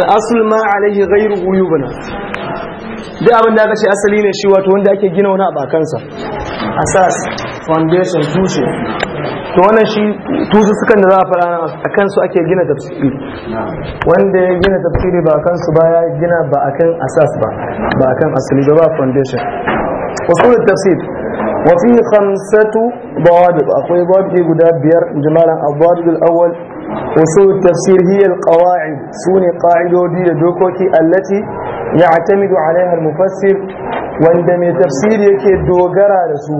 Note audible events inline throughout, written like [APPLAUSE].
al'asul ma alaihi ghairu uyubuna duk abin da aka ce asali ne shi wato wanda ake gina wani a asas foundation tushe to wannan shi tushe sukan da za a fara a kansu ake gina tafsiri wanda ya gina tafsiri ba a kansu ba ya gina ba a kan asas ba ba a kan asali ba ba foundation Wasu tafsir wa fi khamsatu dawabit akwai dawabi guda biyar jimalan abu awwal usul tafsir hiya alqawaid sune qa'idodi da dokoki allati ya'tamidu alaiha almufassir wanda mai tafsiri yake dogara da su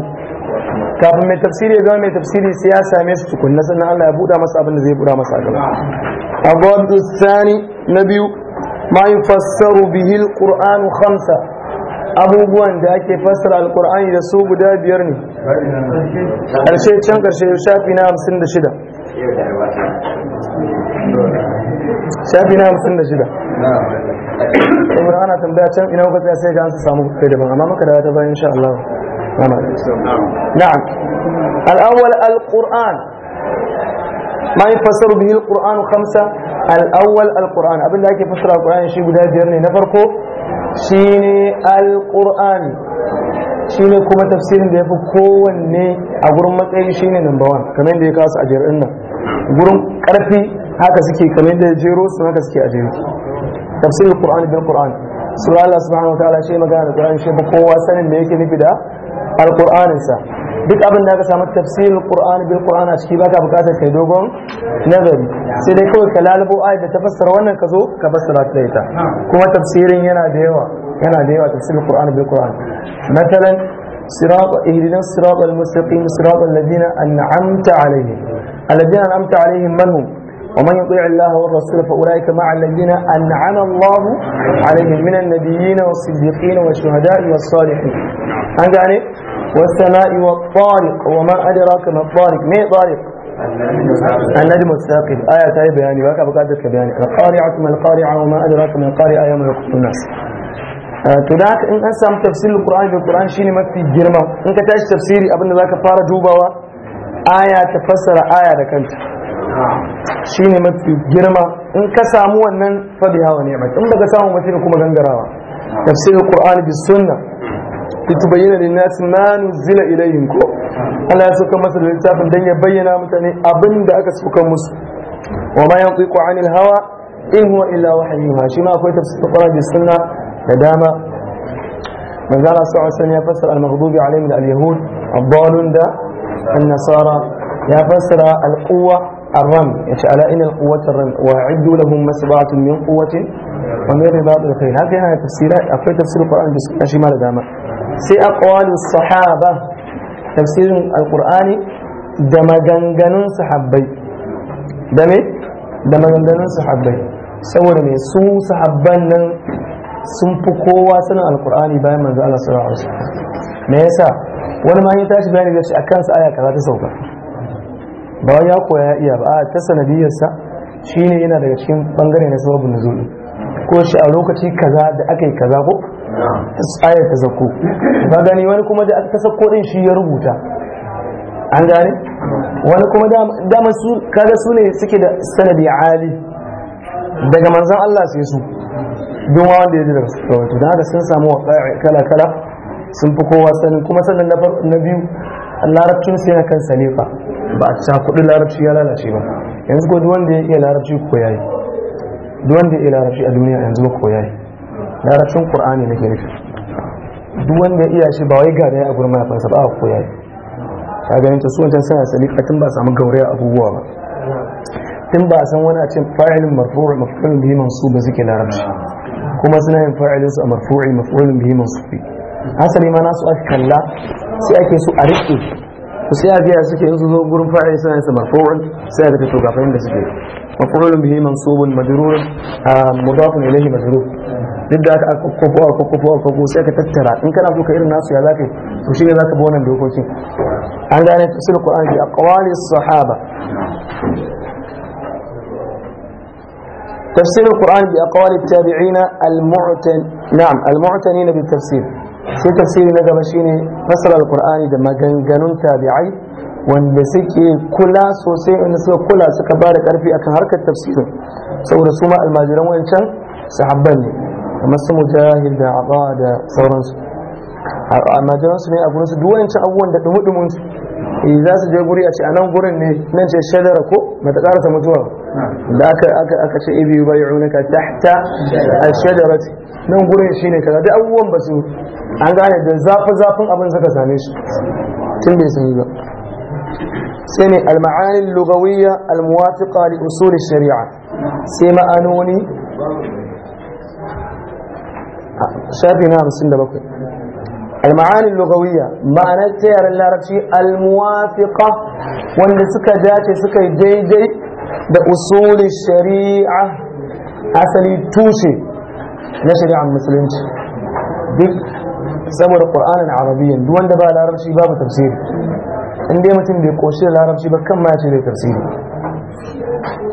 kafin mai tafsir ya zama mai tafsiri sai ya same su tukunna sannan Allah ya buɗa masa abin da zai buɗa masa gaba abu sani na biyu ma yufassaru bihi alquran khamsa abubuwan da ake fassara alqur'ani da su guda biyar ne karshe can karshe shafi na 56 shafi na hamsin da shida saboda ana tambaya can ina kuka tsaya sai ga an su samu kai daban amma muka dawo ta bayan insha Allah na'am al-awwal al-qur'an ma yafassaru bihi al-qur'an khamsa al-awwal al-qur'an abinda ake fassara al-qur'ani shi guda biyar ne na farko shine al-qur'ani shine kuma tafsirin da yafi kowanne a gurin matsayi shine number 1 kamar da ya kawo su a jerin nan gurin karfi haka suke kamar da jero su haka suke a jere tafsirin qur'ani bil qur'ani sura Allah subhanahu wa ta'ala shi magana da qur'ani shi ba kowa sanin me yake nufi da alqur'anin sa duk abin da aka samu tafsirin qur'ani bil qur'ani a ciki baka bukatar kai dogon nazari sai dai kawai ka lalubo ayat da ta fassara wannan ka zo ka fassara ta ita kuma tafsirin yana da yawa yana da yawa tafsirin qur'ani bil qur'ani matalan صراط اهدنا الصراط المستقيم صراط الذين انعمت عليهم الذين انعمت عليهم من هم ومن يطيع الله والرسول فأولئك مع الذين أنعم الله عليهم من النبيين والصديقين والشهداء والصالحين أنت يعني والسماء والطارق وما أدراك ما الطارق ما طارق النجم الثاقب آية تاي بياني واقع بقدر بياني القارعة ما القارعة وما أدراك ما القارعة يوم يقص الناس to آه، إن اسم تفسير القرآن بالقرآن شيني ما في جرمه shine mafi تفسيري أبن ذاك tashi و آية تفسر آية لكنت. ne mafi girma in ka samu wannan fadi hawa ne mai in baka samu mace kuma gangarawa tafsir qur'ani bis sunna litubayyana lin-nasi ma nuzila ilayhim ko Allah ya sauka masa da littafin dan ya bayyana mutane abin da aka sauka musu wa ma yantiqu 'anil hawa in huwa illa wahyu ha shi ma akwai tafsir qur'ani bis sunna da dama manzo Allah sallallahu alaihi wasallam ya fassara al-maghdubi alaihim al-yahud ad-dallun da النصارى يا فسر القوة الرمي على إن القوة الرمي وأعدوا لهم ما من قوة ومن رباط الخيل هذه هنا آية تفسير أفضل تفسير القرآن أشي شمال داما سي أقوال الصحابة تفسير القرآن دم جنجنون صحابي دم دم جنجنون صحابي saboda من سو صحابنا nan sun سنة القرآن sanin من bayan الله Allah sallallahu alaihi wasallam me yasa wani ma ya tashi bayani da shi akan sa ba ya koya iya ba a ta sanadiyarsa shine yana daga cikin bangare na sababin nuzul ko shi a lokaci kaza da aka yi kaza ko ayar ta zakko ba gani wani kuma da ta sakko din shi ya rubuta an gane wani kuma dama su kaga su ne suke da sanadi ali daga manzan Allah sai su don wa wanda ya ji daga kawai wato da haka sun samu kala kala sun fi kowa sanin kuma sannan na biyu larabcin sai na kan salifa ba a kudin larabci ya lalace ba yanzu ko wanda ya iya larabci ko yayi duk wanda ya iya larabci a duniya yanzu ba ko yayi larabcin qur'ani nake nufi duk wanda ya iya shi ba wai gada ya gurin mayafansa ba a ko yayi ka ganin ta suwan suna salika tun ba samu gauraya abubuwa ba tun ba a san wani a cikin fa'ilin marfu'i mafi'ulun bihi masu ba suke larabci kuma suna yin fa'ilin su a marfu'i maf'ulun bihi mansubi asali ma nasu aka kalla sai ake su a riƙe. وسياتي سكي يصدر فاعل سنة مرفوع سياتي في توقع فهمت سكي مفعول به منصوب مجرور مضاف اليه مجرور نبدا كفوا كفوا كفوا سياتي تترى ان كان في كير الناس يا ذاك وشي ذاك بونا بيوكوشي انا انا تسال القران في اقوال الصحابه تفسير القران باقوال التابعين المعتن نعم المعتنين بالتفسير sai tafsiri na gaba shine fasara qur'ani da maganganun tabi'ai wanda suke kula sosai wanda suka kula suka bada karfi akan harkar tafsirin saboda su ma almajiran wancan sahabban ne kamar su mujahid da aba da sauransu almajiran ne a gurin su duk wancan abubuwan da dumudumin za su je guri a ce a nan gurin ne nan ce shadara ko mata karasa mutuwa da aka aka aka ce ibi bay'unaka tahta ash-shajarati nan gurin shine kaza da abubuwan ba su an gane da zafi zafin abin suka same shi tun bai sani ba sai ne al-ma'ani al-lughawiyya al-muwafiqa li usul ash-shari'a sai ma'anoni shafi na 57 المعاني اللغوية معنى تيار العربي الموافقة wanda suka dace suka yi daidai da usulin shari'a asali tushe na shari'ar musulunci duk saboda ƙur'anin arabiyyan duk wanda ba larabci babu tafsiri in dai mutum bai koshi da larabci ba kan ma ce bai tafsiri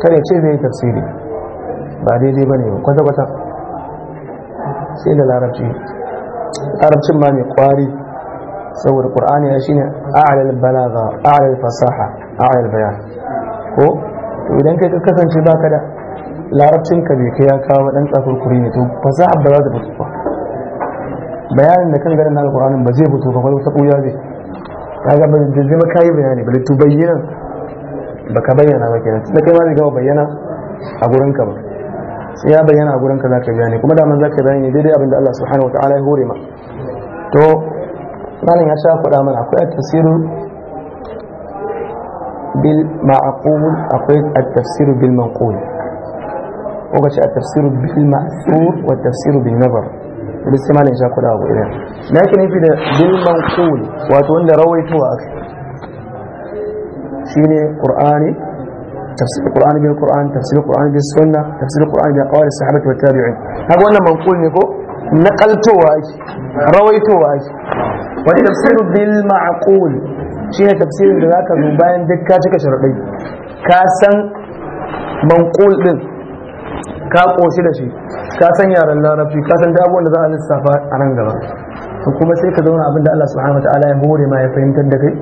kare ce bai tafsiri ba daidai ba ne kwata-kwata larabcin ma mai kwari saboda qur'ani ya shine a'lal balagha a'lal fasaha a'lal bayan ko to idan kai ka kasance baka da larabcin ka bai kai ya kawo dan tsakurkuri ne to fasaha ba za ta fito ba bayanin da kan garin alqur'anin ba zai fito ba wani ta ne zai ga ba da zama kai bayani ba to bayyana baka bayyana ba kenan tunda kai ma zai gama bayyana a gurin ka ba ya bayyana a gurin ka zaka bayani kuma da man zaka bayani daidai abin da Allah subhanahu wataala ya hore ma to malam ya sha faɗa mana akwai tafsir bil ma'qul akwai at tafsiru bil manqul ko kace at tafsiru bil ma'thur wa at bil nazar duk sai malam ya sha faɗa abu idan lakin fi da bil manqul wato wanda rawaitowa akai shine qur'ani tafsir qur'ani bil qur'an tafsir qur'ani bil sunna tafsir qur'ani bil aqwali sahabati wa tabi'in kaga wannan manqul ne ko naqaltowa ake rawaitowa ake wa tafsir bil ma'qul shine tafsirin da zaka zo bayan duk ka cika sharadai ka san manqul din ka koshi da shi ka san yaran larabci ka san abubuwan da za a lissafa a nan gaba kuma sai ka zauna abinda Allah subhanahu wa ta'ala ya hore ma ya fahimtar da kai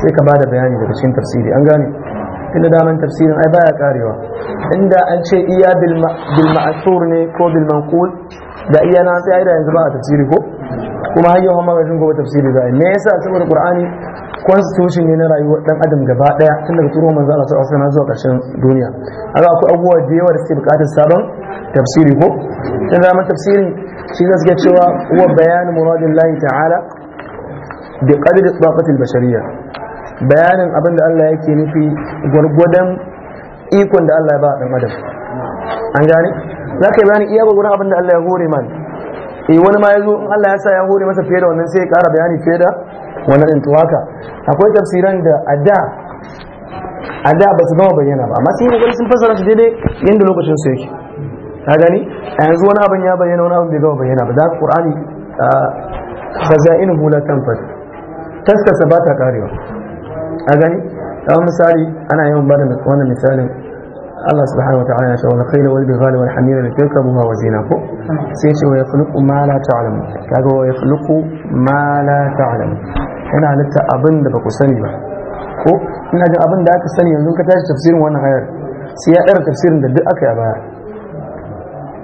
sai ka bada bayani daga cikin tafsiri an gane na daman tafsirin ai baya karewa inda an ce iya bil ne ko bil manqul da iya na sai da yanzu ba a tafsiri ko kuma har yau ma gobe tafsiri za me yasa saboda qur'ani constitution ne na rayuwar dan adam gaba daya tun daga turo manzo Allah sallallahu alaihi zuwa karshen duniya haka akwai abubuwa da yawa da suke bukatar sabon tafsiri ko tun da tafsirin shi ne suke cewa huwa bayan muradin lahi ta'ala bi qadri taqatil bashariyya bayanin abin da Allah yake nufi gwargwadon ikon da Allah ya ba ɗan adam an gane za ka yi bayanin iya gwargwadon abin da Allah ya hore man eh wani ma ya zo in Allah ya sa ya hore masa fiye da wannan sai ya ƙara bayani fiye da wannan din tuwaka akwai tafsiran da a da a da ba su gama bayyana ba amma sun yi sun fassara su daidai yadda lokacin su yake ka gani a yanzu wani abin ya bayyana wani abin bai gama bayyana ba za ka qur'ani ah, faza'inuhu hula tanfad taskasa ba ta karewa a gani kamar misali ana yawan da wannan misalin Allah subhanahu wataala ya shawara kai da walbi ghali wal hamira da tilka buha wa zina ko sai ce wa yakhluqu ma la ta'lamu kaga wa yakhluqu ma la ta'lamu yana halitta abin da baku sani ba ko ina jin abin da aka sani yanzu ka tashi tafsirin wannan hayar sai ya ɗara tafsirin da duk aka yi a baya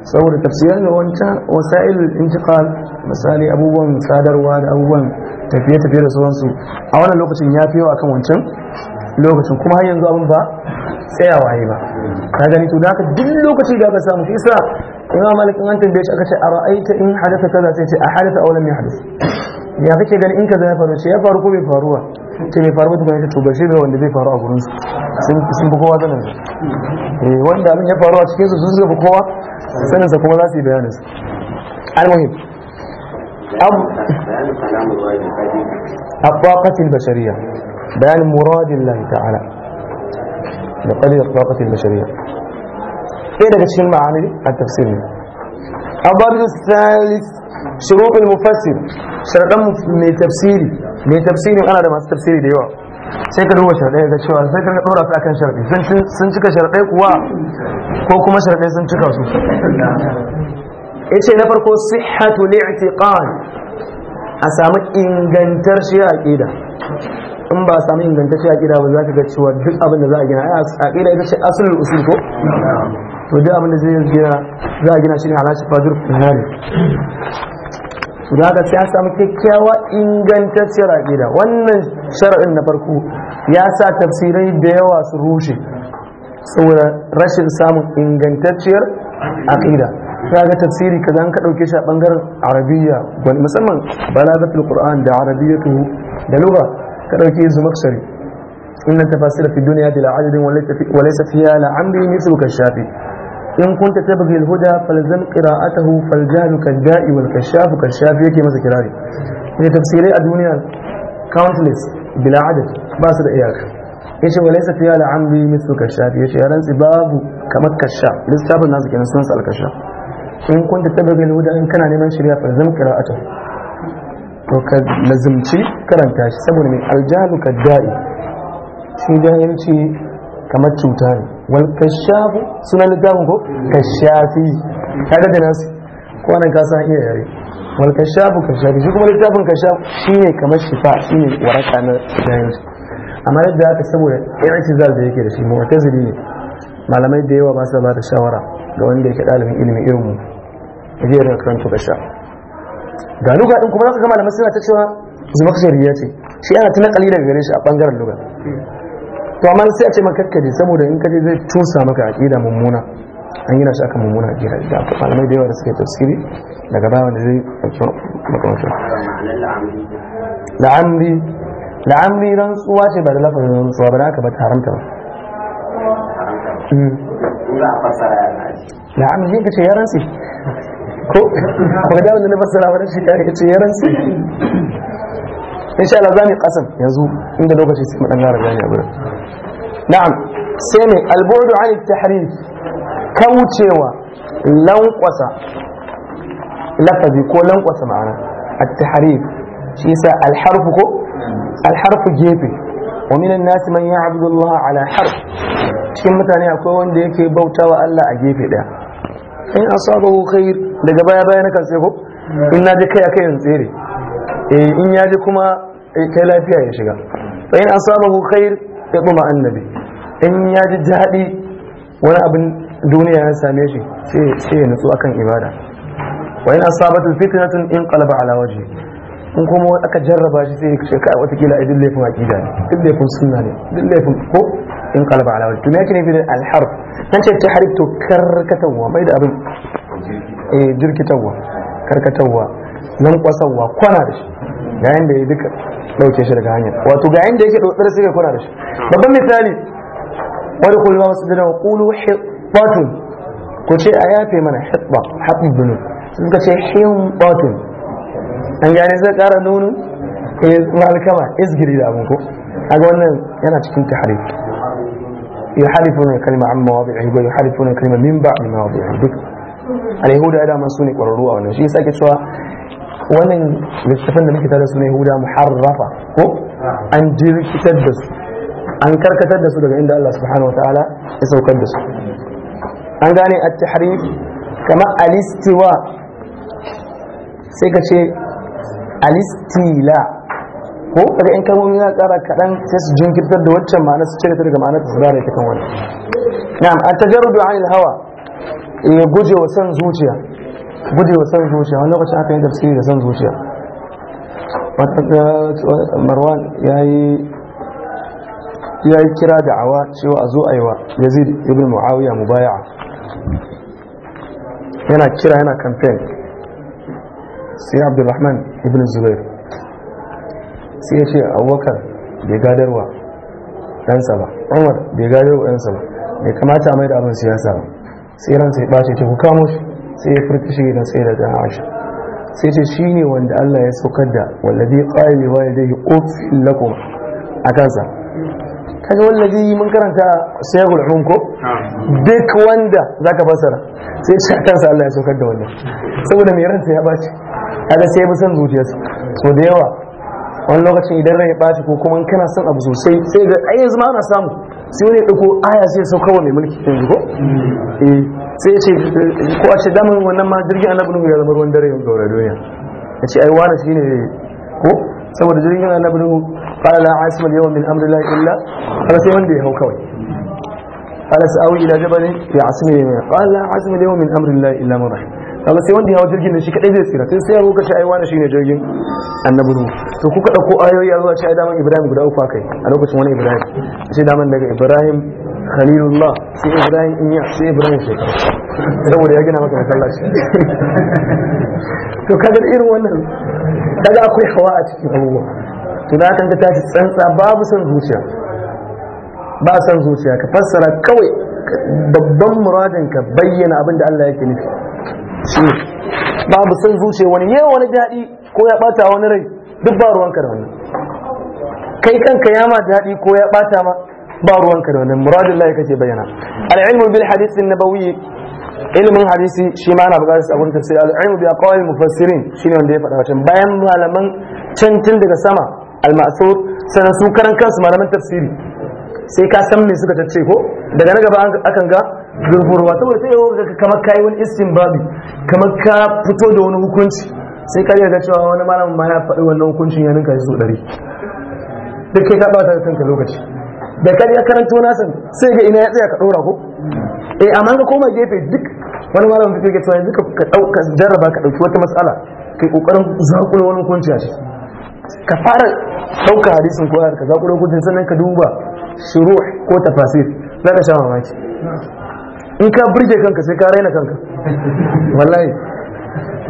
saboda tafsirin da wancan wasa'il intiqal misali abubuwan sadarwa da abubuwan tafiye-tafiye da sauransu a wannan lokacin ya fi yawa akan wancan lokacin kuma har yanzu abin ba tsayawa yi ba ka gani to da haka duk lokaci da aka samu isa ina malik in an tambaye shi aka ce a ra'aita in hadatha kaza sai ce a hadatha aw lam yahdath ya kake gani in kaza ya faru ce ya faru ko bai faru ba ce bai faru ba tukuna ita to gashi da wanda zai faru a gurin su sun fi kowa sanin eh wanda abin ya faru a cikin su sun fi kowa sanin sa kuma za su yi bayanin su almuhim أب الطاقة البشرية بيان مراد الله تعالى بقدر الطاقة البشرية إيه ده تشكيل معاني دي التفسير الضابط الثالث شروط المفسر شرطا من تفسيري من تفسيري أنا ده ما تفسيري ده sai ka duba sharaɗai ga cewa sai ka ɗora su akan sharaɗai sun cika sharaɗai kuwa ko kuma sharaɗai sun yace na farko sihhatul i'tiqad a samu ingantar shi aqida in ba a samu ingantar shi aqida ba za ka ga cewa duk abin da za a gina aqida ita ce asalul usul ko to duk abin da zai gina za a gina shi ne ala fadur kunari za ka sai an samu kyakkyawa ingantacciyar aqida wannan shar'in na farko ya sa tafsirai da yawa su rushe saboda rashin samun ingantacciyar aqida kaga tafsiri kaza an ka dauke shi a bangaren arabiya wani musamman balagatul qur'an da arabiyatu da lugha ka dauke su maksari inna tafasira fi dunya bila adadin wa laysa fiha la amri mithluka shafi in kunta tabghi al-huda falzam qira'atahu faljalu kadda'i wal kashaf kashafi yake masa kirari ne tafsirai a duniya countless bila adad ba su da iyaka yace wa laysa fiha la amri mithluka shafi yace ya rantsi babu kamar kashaf lissafin nasu kenan sunan alkashaf in kunta tabbabil huda in kana neman shari'a fa zam qira'ata to ka lazimci karanta shi saboda mai aljalu da'i shi jahilci kamar cuta ne wal kashafu suna littafin ko kashafi Ka da nasu ko nan ka san iya yare wal kashafu kashafi shi kuma littafin kashafu shine kamar shifa ne waraka na jahilci amma yadda aka saboda irin cizal da yake da shi mu'tazili ne malamai da yawa ba su ba da shawara ga wanda yake dalibin ilimi irin mu ya je daga karanta gasha. sha ga luga ɗin kuma za ka gama da masana ta cewa zumakshariya ce shi ana tuna daga gare shi a ɓangaren luga to amma sai a ce maka kakkaje saboda in kaje zai tusa maka aqida mummuna an gina shi aka mummuna aqida da malamai da yawa da suke tafsiri daga baya da zai dauki makamashin la'amri la'amri rantsuwa ce ba da lafazin rantsuwa ba da aka ba ta haramta ba hmm. za a fassara ya naji na amma ka ce ya rantsi ko ba da wanda na fassara wani shi ka ce ya rantsi insha Allah za mu yi kasan yanzu inda lokaci sai mu dan gara gani abu na'am sai ne albu'du an at-tahrif kaucewa lankwasa lafazi ko lankwasa ma'ana at-tahrif shi yasa al-harfu ko al-harfu gefe ومن الناس من يعبد الله على حرف cikin mutane akwai wanda yake bautawa Allah a gefe daya in asabahu khair daga baya baya na sai ko in naji kai akai in tsere eh in ya kuma eh, kai lafiya ya shiga fa in asabahu khair ya kuma annabi in ya ji wani abin duniya ya same shi sai ya nutsu akan ibada wa in asabatu fitnatun in qalaba ala wajhi in kuma aka jarraba shi sai ce kai wata kila idin laifin aƙida ne idin laifin sunna ne idin laifin ko in kalba ala wani tumi ake nufi da alharf an ce ta harif to mai da abin eh jirkitawa karkatawa nan kwasawa kwana da shi ga yanda ya duka dauke shi daga hanyar wato ga yanda yake dotsar sai ya kwana da shi babban misali wani kullu ba masjidina wa qulu hibatun ko ce a yafe mana hibba habbun sun ka ce hibbatun an gane sai kara nono eh malkama isgiri da abin ko ga wannan yana cikin ya harifu ne kalima amma wadi'ihi ya harifu ne kalima min bai mawadi'ihi duk al-yahuda da man sune kwararru a wannan shi yasa ake cewa wannan littafin da muke tare su ne yahuda muharrafa ko an jirkitar da su an karkatar da su daga inda Allah subhanahu wataala ya saukar da su an gane a tahrif kama al sai ka ce alistila ko daga yan kalmomi na tsara kaɗan sai su jinkirtar da waccan ma'ana su cire ta daga ma'ana su zara ta kan wani na'am a tajarrudu anil hawa ya eh, guje wa san zuciya guje wa san zuciya wani lokacin aka yi tafsiri da san zuciya eh, marwan ya yi kira da awa cewa a zo a yi wa yazid ibn muawiya mubaya'a yana kira yana campaign sai abdurrahman ibn zubair sai ya ce abubakar bai gadarwa ɗansa ba umar bai gadarwa ɗansa ba bai kamata mai da abin siyasa ba sai ran sai ɓace ce kuka mushi sai ya furta shi na tsaye da ta hasha sai ce shi ne wanda allah ya saukar da wallabi ƙa'ili wa yadda yi ƙofin lakum a kansa kaga wallabi mun karanta ya ulum ko duk wanda ka fasara sai ce a kansa allah ya saukar da wannan saboda mai ransa ya ɓace kaga sai musan zuciyarsa so da yawa wani lokacin idan rai ɓaci ko kuma kana son abu sosai sai ga ai yanzu ma ana samu sai wani ɗauko aya sai ya sauka wa mai mulki yanzu ko eh, sai ya ce ko a ce damar wannan ma jirgin annabi nuhu ya zama ruwan dare yau gaura duniya ya ce ai wani shi ne ko saboda jirgin annabi nuhu qala la asma al-yawma min amri la illa kala sai wanda ya hau kawai qala sa'awi ila jabalin ya asmi qala min amri la illa man rahim kaga sai wanda ya hawa jirgin nan shi kadai zai tsira sai sai shi kace ai shi ne jirgin annabi ruhu to kada ko ayoyi a zuwa ce ai daman ibrahim guda uku akai a lokacin wani ibrahim sai daman daga ibrahim khalilullah sai ibrahim inya sai ibrahim sai saboda ya gina maka masallaci [LAUGHS] to kada irin wannan kada akwai hawa a cikin abubuwa to da kan ka tashi tsantsa babu san zuciya ba son zuciya ka fassara kawai babban muradin ka bayyana abin da Allah yake nufi babu san zuce wani yawa wani daɗi ko ya ɓata wani rai duk ba ruwanka da wannan kai kanka ya ma daɗi ko ya ɓata ma ba ruwanka da wannan muradin layi kake bayyana al'ilmu bil hadisi na nabawi ilimin hadisi shi ma ana buƙatar abun tafsir al'ilmu bi aqwal mufassirin ne wanda ya faɗa wancan bayan malaman cantin daga sama al-ma'sur sanan su karan kansu malaman tafsiri sai ka san me suka tace ko daga na gaba akan ga zurfurwa wata yawon ga kamar kayi wani babi kamar ka fito da wani hukunci sai ka ga cewa wani malamin ma ya faɗi wannan hukuncin ya ninka su ɗari duk kai ka ɓata kanka lokaci da ka ya wani asan sai ga ina ya tsaya ka ɗora ko eh amma ka koma gefe duk wani malamin fito ga cewa yanzu ka ɗauka jarraba ka ɗauki wata matsala kai ƙoƙarin zaƙulo wani hukunci a ka fara ɗauka hadisin kwayar ka zaƙulo hukuncin sannan ka duba shuruh ko tafasir na ka sha mamaki in ka burge kanka sai ka raina kanka wallahi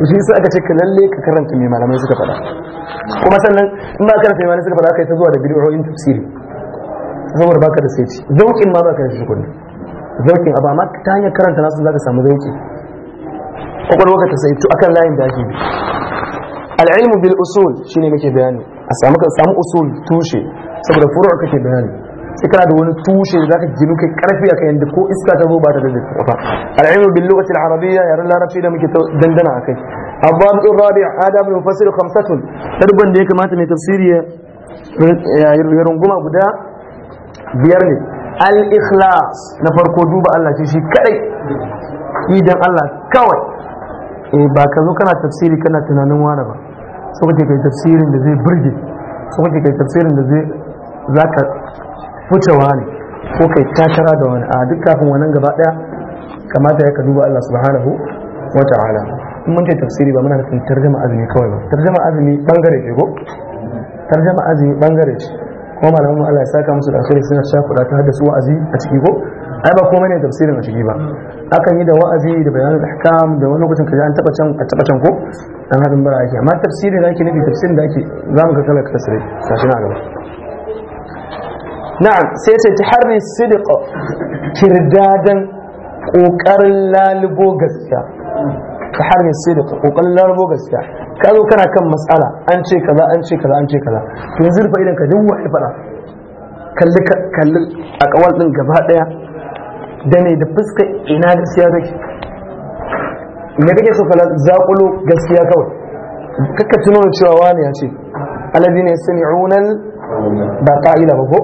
shi sai aka ce ka lalle ka karanta mai malamai suka faɗa kuma sannan in ba karanta mai malamai suka faɗa kai ta zuwa da bidiyoyin tafsiri saboda baka da sai zaukin ma baka da shi kullu zaukin abu amma ta hanyar karanta nasu ka samu zauki kwakwalwa ka ta sai to akan layin da ake al-ilmu bil usul shine muke bayani a samu ka samu usul tushe saboda furu kake bayani sai kana da wani tushe da zaka ginu kai karfi akan yanda ko iska ta zo ba ta da zai al'ilmu bil lughati al arabiyya yaran larabci da muke dandana akai الضابط الرابع آداب المفسر خمسة تربا ديك guda biyar ne. al بدا Na farko duba Allah, الله shi kadai. idan Allah kawai eh ba ka zo kana tafsiri kana tunanin wani ba so kake kai tafsirin da zai burge so kake kai tafsirin da zai zaka wucewa ne ko kai takara da wani a duk kafin wannan gaba daya kamata ya ka duba Allah subhanahu wa ta'ala in mun ce tafsiri ba muna nufin tarjama azumi kawai ba tarjama azumi bangare ce ko tarjama azumi bangare ce kuma malamin Allah ya saka musu da alkhairi suna shafuɗa ta haddasu wa'azi a ciki ko ai ba komai ne tafsirin a ciki ba akan yi da wa'azi da bayanin ahkam da wani lokacin kaje an taba can a taba can ko dan hadin bara yake amma tafsirin da ake nufi tafsirin da ake zamu ga kalar tafsirin shi na gaba na'am sai ce ta harin sidiq kirdadan kokarin lalubo gaskiya ta harin sidiq kokarin lalubo gaskiya ka zo kana kan matsala an ce kaza an ce kaza an ce kaza to yanzu rufa idan ka duk wani fara kalli kalli a kawal din gaba daya da ne da fuska ina gaskiya take me kake so kala zakulo gaskiya kawai kakka tuno cewa wani ya ce alladhina yasmi'una ba qa'ila ba ko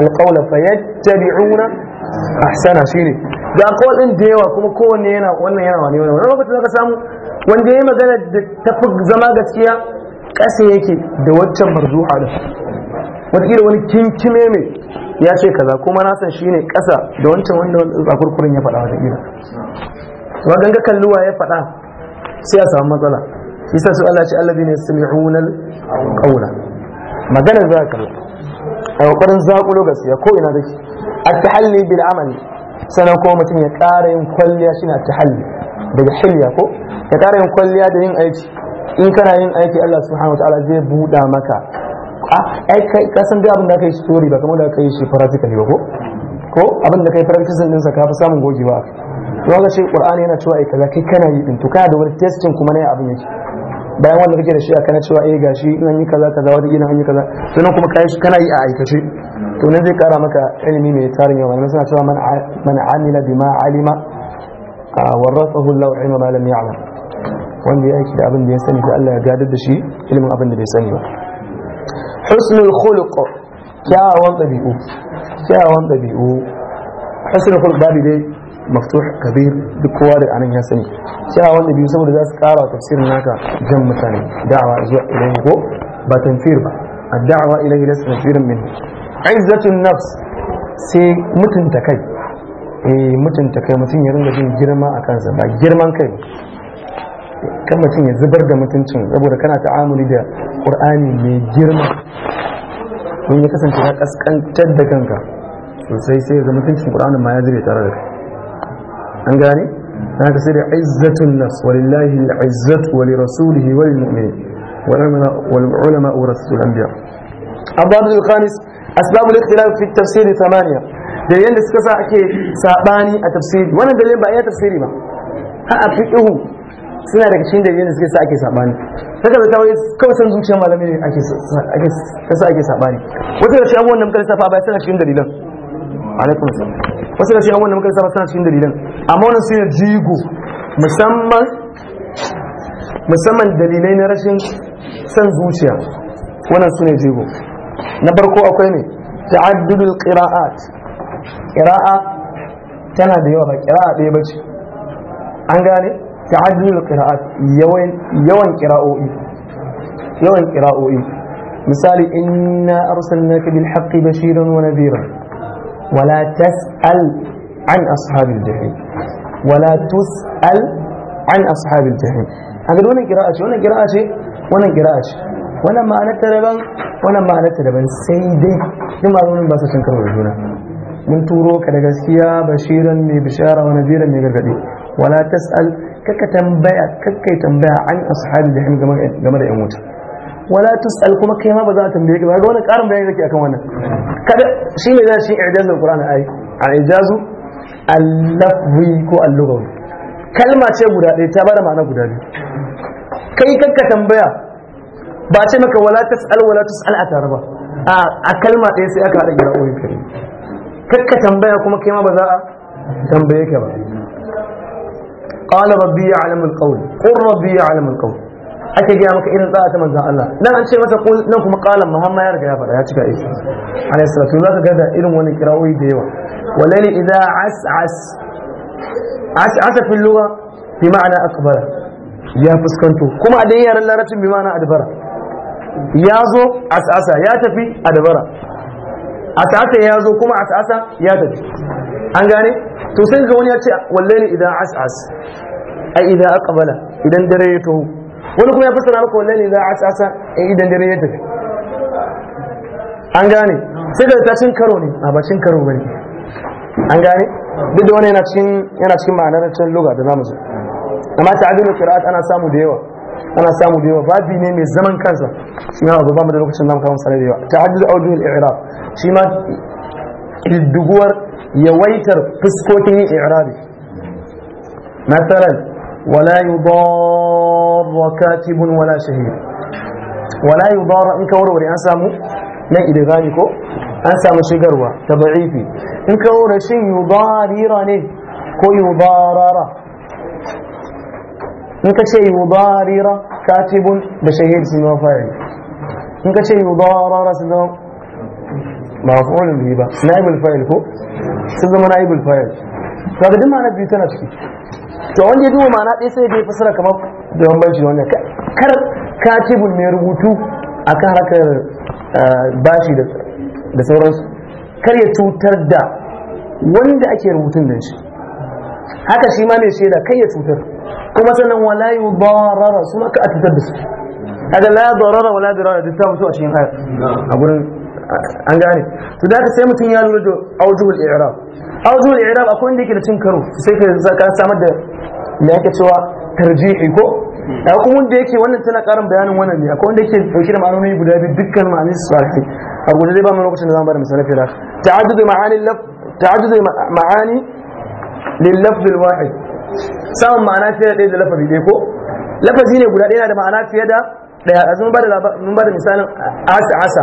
القول فيتبعون ahsana shine da akwai ان ديوا yawa kuma kowanne yana wannan yana wani wani wannan lokacin zaka samu wanda yayi magana da tafi zama gaskiya kasa yake da waccan marzuha da wataƙila wani kinkime mai ya ce kaza kuma na san shine kasa da wancan wanda zakurkurin ya faɗa wataƙila wa ga kalluwa ya fada sai a samu matsala yasa su Allah ce allazi ne qawla maganar a kokarin zakulo gaskiya ko ina da shi A tahalli bil amali sanan ko mutum ya ƙara yin kwalliya shi na tahalli daga hilya ko ya ƙara yin kwalliya da yin aiki in kana yin aiki Allah subhanahu wa ta'ala zai buɗa maka ah, ai ka san duk abin da kai story ba kamar da kai shi practical ba ko ko abin da kai practicing din sa ka fi samun gogewa to ga shi qur'ani yana cewa ai kaza kai kana yi din to kana da wani testing kuma ne abin yake bayan wanda kake da shi a kana cewa eh gashi in an yi kaza kaza wani gina an yi kaza sannan kuma kai kana yi a aikace to nan zai kara maka ilimi mai tarin yawa ne suna cewa man amila bima alima warasahu Allah ilma ma lam ya'lam wanda ya aiki da abin da ya sani ko Allah ya gadar da shi ilimin abin da bai sani ba husnul khuluq kyawawan dabi'u kyawawan dabi'u husnul khuluq babu dai maftuh kabir duk kowa da anan ya sani kira wanda biyu saboda za su kara wa tafsirin naka jan mutane da'awa zuwa ilayhi ko ba tanfir ba ad-da'wa ilayhi laysa tanfirin min izzatun nafs sai mutunta kai eh mutunta kai mutun ya rinda jin girma a kansa ba girman kai kan mutun ya zubar da mutuncin saboda kana ta'amuli da qur'ani mai girma in ya kasance ka kaskantar da kanka sosai sai ga mutuncin qur'ani ma ya zube tare da kai an gane na ka sai da izzatun nas walillahi al-izzat wa li rasulihi wa lil mu'minin wal ulama warasul anbiya abadu al-khamis asbabul ikhtilaf fi tafsir thamaniya da yanda suka sa ake sabani a tafsiri wannan dalilin ba ya tafsiri ba ha a fiqhu suna daga cikin dalilin da suka sa ake sabani ta zata wai kawai san zuciyar malami ne ake ake sa ake sabani wata da shi abubuwan da muka lissafa ba sai cikin dalilan alaikum assalam wasu da shi an wanda muka saba suna cikin dalilan amma wani su ne jigo musamman musamman dalilai na rashin san zuciya wannan su ne jigo na farko akwai ne ta addudu kira'at kira'a tana da yawa ba kira'a ɗaya bace an gane ta addudu yawan yawan kira'o'i yawan kira'o'i misali inna arsalnaka bil haqqi bashiran wa nadhiran ولا تسأل عن أصحاب الجحيم ولا تسأل عن أصحاب الجحيم هذا وانا قراءة وانا قراءة وانا قراءة وانا ما أنا تربا وانا ما أنا تربا سيدي كما أقول بس عشان كرر الجنة من تورو كدغسيا بشيرا من بشارة ونذيرا من غرغدي ولا تسأل كك تنبأ كك تنبأ عن أصحاب الجحيم كما كما يموت wala tus'al kuma kai ma ba za a tambaye ka ba wani karin bayani zaki akan wannan kada shi ne zai shi i'jazul qur'ani ai al-i'jazu al-lafzi ko al-lughawi kalma ce guda ɗaya ta bada ma'ana guda biyu kai kanka tambaya ba ce maka wala tas'al wala tus'al a tare ba a kalma ɗaya sai aka haɗa gida oyi kai kakka tambaya kuma kai ma ba za a tambaye ka ba qala rabbi ya'lamu al-qawl qur rabbi ya'lamu al-qawl ake gaya maka irin tsara ta manzan Allah nan an ce masa nan kuma kalan muhammad ya riga ya faɗa ya cika isa alayhi salatu za ka gada irin wani kirawoyi da yawa walaili idza as'as as'as fi lugha bi ma'ana akbara ya fuskanto kuma a dai yaran larabcin bi ma'ana adbara ya zo as'asa ya tafi adbara as'asa ya zo kuma as'asa ya tafi an gane to sai ga wani ya ce wallahi idan as'as ai idan aqbala idan dare ya taho wani kuma ya sana maka wallahi za a tsasa idan dare ya tafi an gane sai da ta cin karo ne a ba cin karo bane an gane duk da wani yana cikin yana cikin ma'anar cin lugha da zamu zo amma ta'dilu kira'at ana samu da yawa ana samu da yawa babi ne mai zaman kansa shi ma ba mu da lokacin nan kawo misalai da yawa ta'dilu audu al-i'rab shi ma duguwar yawaitar fuskokin i'rabi masalan ولا يضار كاتب ولا شهيد ولا يضار انك وروري أن سامو من إدغامكو أن سامو شقروا تبعيفي انك ور شيء يضاريرني كو يضارر إن كشيء يضارير كاتب بشهيد سنو فاعل إن كشيء يضارر سنو مفعول به نائب الفاعل كو سنو نائب الفاعل kaga duk ma'anar biyu to wanda ya duba ma'ana ɗaya sai bai fasara kamar da bambanci wannan kar bul mai rubutu a kan harkar bashi da sauransu kar ya cutar da wanda ake rubutun da shi haka shi ma mai shaida kai ya cutar kuma sannan wala yi barara su maka a cutar da su daga la barara wala dirara da ta mutu a cikin haya a gurin an gane to da ka sai mutum ya lura da aujuhul i'rab aujuhul i'rab akwai wanda yake da cin karo sai ka samar da me ake cewa tarjihi ko a kuma wanda yake wannan tana karin bayanin wannan ne akwai wanda yake dauke da ma'anoni guda biyu dukkan ma'anin su sarfi a guda zai ba mu lokacin da zan bada misalai fira ta'addudu ma'ani laf ta'addudu ma'ani lil lafz al wahid samun ma'ana fiye da ɗaya da lafazi ɗaya ko lafazi ne guda ɗaya da ma'ana fiye da ɗaya a zama bada mun bada misalin asa asa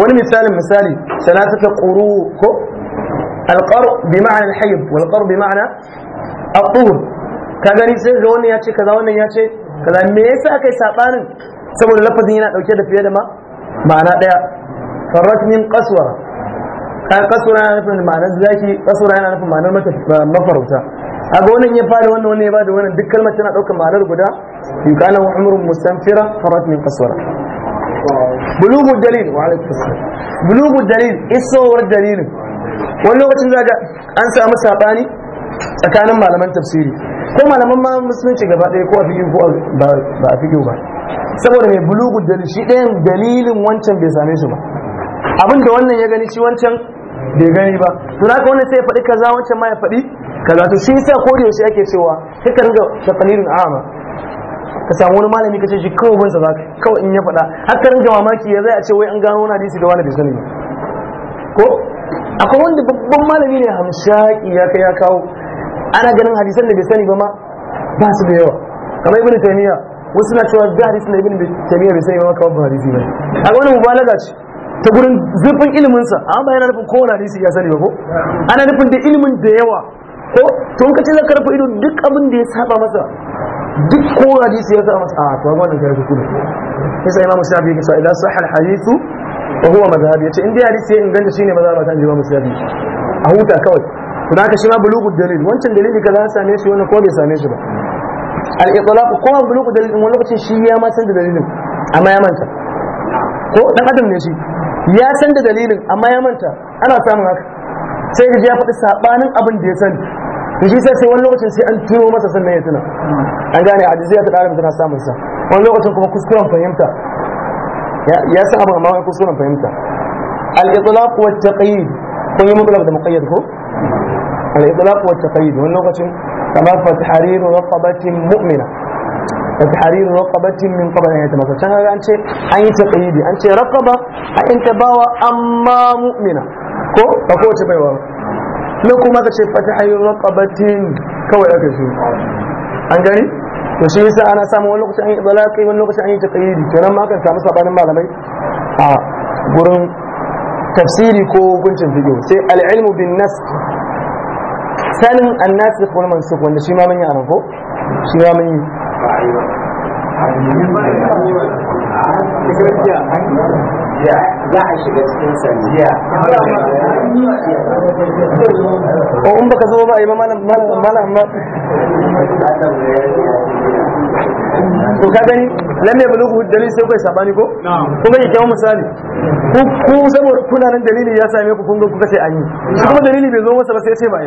wani misalin misali salatata quru ko bi القرء بمعنى الحيض والقرء بمعنى الطهر ka gani sai ga wannan ya ce kaza wannan ya ce kaza me yasa aka yi sabanin saboda lafazin yana dauke da fiye da ma ma'ana daya farat min qaswa kan qaswa yana nufin ma'anar zaki qaswa yana nufin ma'anar mafarauta aga wannan ya fara wannan wannan ya bada wannan duk kalmar tana daukar ma'anar guda yuqala kana umrun musanfira farat min qaswa bulugu dalil wa alaikum assalam bulugu dalil isowar dalilin wani lokacin zaga an samu sabani tsakanin malaman tafsiri ko malaman ma musulunci gaba ɗaya ko a fi ko ba a fiƙi ba saboda mai bulugu da shi ɗayan dalilin wancan bai same shi ba Abinda wannan ya gani shi wancan bai gani ba to haka wannan sai ya faɗi kaza wancan ma ya faɗi kaza to shi sa ko da yaushe ake cewa kika ringa taqlilun a'ma ka samu wani malami ka ce shi kawai za ka kawai in ya faɗa har ka ringa mamaki ya zai a ce wai an gano wani hadisi da wani bai sani ko akwai wanda babban malami ne hamshaki ya kai ya kawo ana ganin hadisan da bai sani ba ma ba su da yawa kamar ibn taymiya wasu na cewa da hadisan da ibn taymiya bai sani ba kawai ba hadisi ba a wani mubalaga ce ta gurin zurfin ilimin sa amma yana nufin kowane hadisi ya sani ba ko ana nufin da ilimin da yawa ko to in ka ce zaka rufe ido duk abin da ya saba masa duk ko hadisi ya saba masa a to wannan kai ku ne yasa imamu shafi ya ce idan sahal hadithu wa huwa madhhabi yace in dai hadisi ya inganta shine madhhabi ta ji imamu shafi a huta kawai Ku da shi ma bulugu dalil wancan dalili za ya same shi wani ko bai same shi ba al-itlaq ko bulugu dalil wani lokacin shi ya ma san da dalilin amma ya manta ko dan adam ne shi ya san da dalilin amma ya manta ana samun haka sai ya ya faɗi sabanin abin da ya sani to shi sai sai wani lokacin sai an turo masa sannan ya tuna an gane a zai ta dare mutum samun sa wani lokacin kuma kuskuren fahimta ya san abin amma wani kuskuren fahimta al-itlaq wa taqyid kun yi mutlaq da muqayyad ko al itlaq wa taqayyid wannan lokacin kamar fa tahriru raqabatin mu'mina fa tahriru raqabatin min qabl an yatamassa can an ce an yi taqayyidi an ce raqaba a inta bawa amma mu'mina ko ba ko ce baiwa ne kuma ka ce fa tahriru raqabatin kawai aka shi an gani to shi yasa ana samu wani lokacin an yi itlaqi wani lokacin an yi taqayyidi kenan ma kan samu sabanin malamai a gurin tafsiri ko hukuncin fiqh sai Al'ilmu bin nas sanin annasikh wal mansukh wanda shi ma mun yi anan ko shi ma mun yi za a shiga cikin sanjiya ko in baka zo ba a yi malam malam to ka gani lam ya bulugu dalil sai kai sabani ko kun ga kyakkyawan misali ku saboda kuna nan dalili ya same ku kun ga kuka sai an shi kuma dalili bai zo masa ba sai ya ba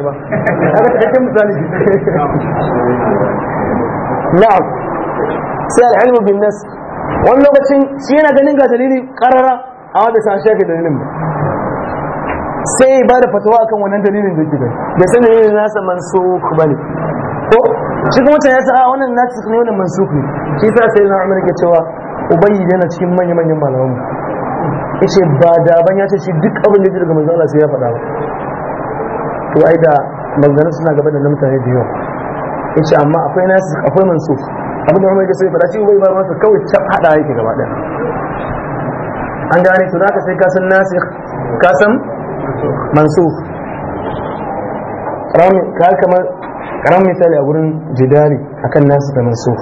a na'am sai al-ilmu wani lokacin shi yana ganin ga dalili karara amma bai san shafi dalilin ba sai ba da fatawa akan wannan dalilin da ke gani. bai san dalilin nasa ba ne ko shi kuma ya sa'a wannan nasikh ne wannan mansukh ne shi sa sai na amurka cewa ubayyi yana cikin manya manyan malaman mu ce ba da ban ya ce shi duk abin da ya daga manzo Allah sai ya faɗa ba to ai da manzanin suna gaba da mutane da yawa ce amma akwai nasikh akwai mansukh abin da mamaki sai fada shi ubai ba masa kawai can hada yake gaba ɗaya an gane su naka sai kasan nasir kasan san mansuf ka kamar karamin misali a wurin jidali akan nasir da mansu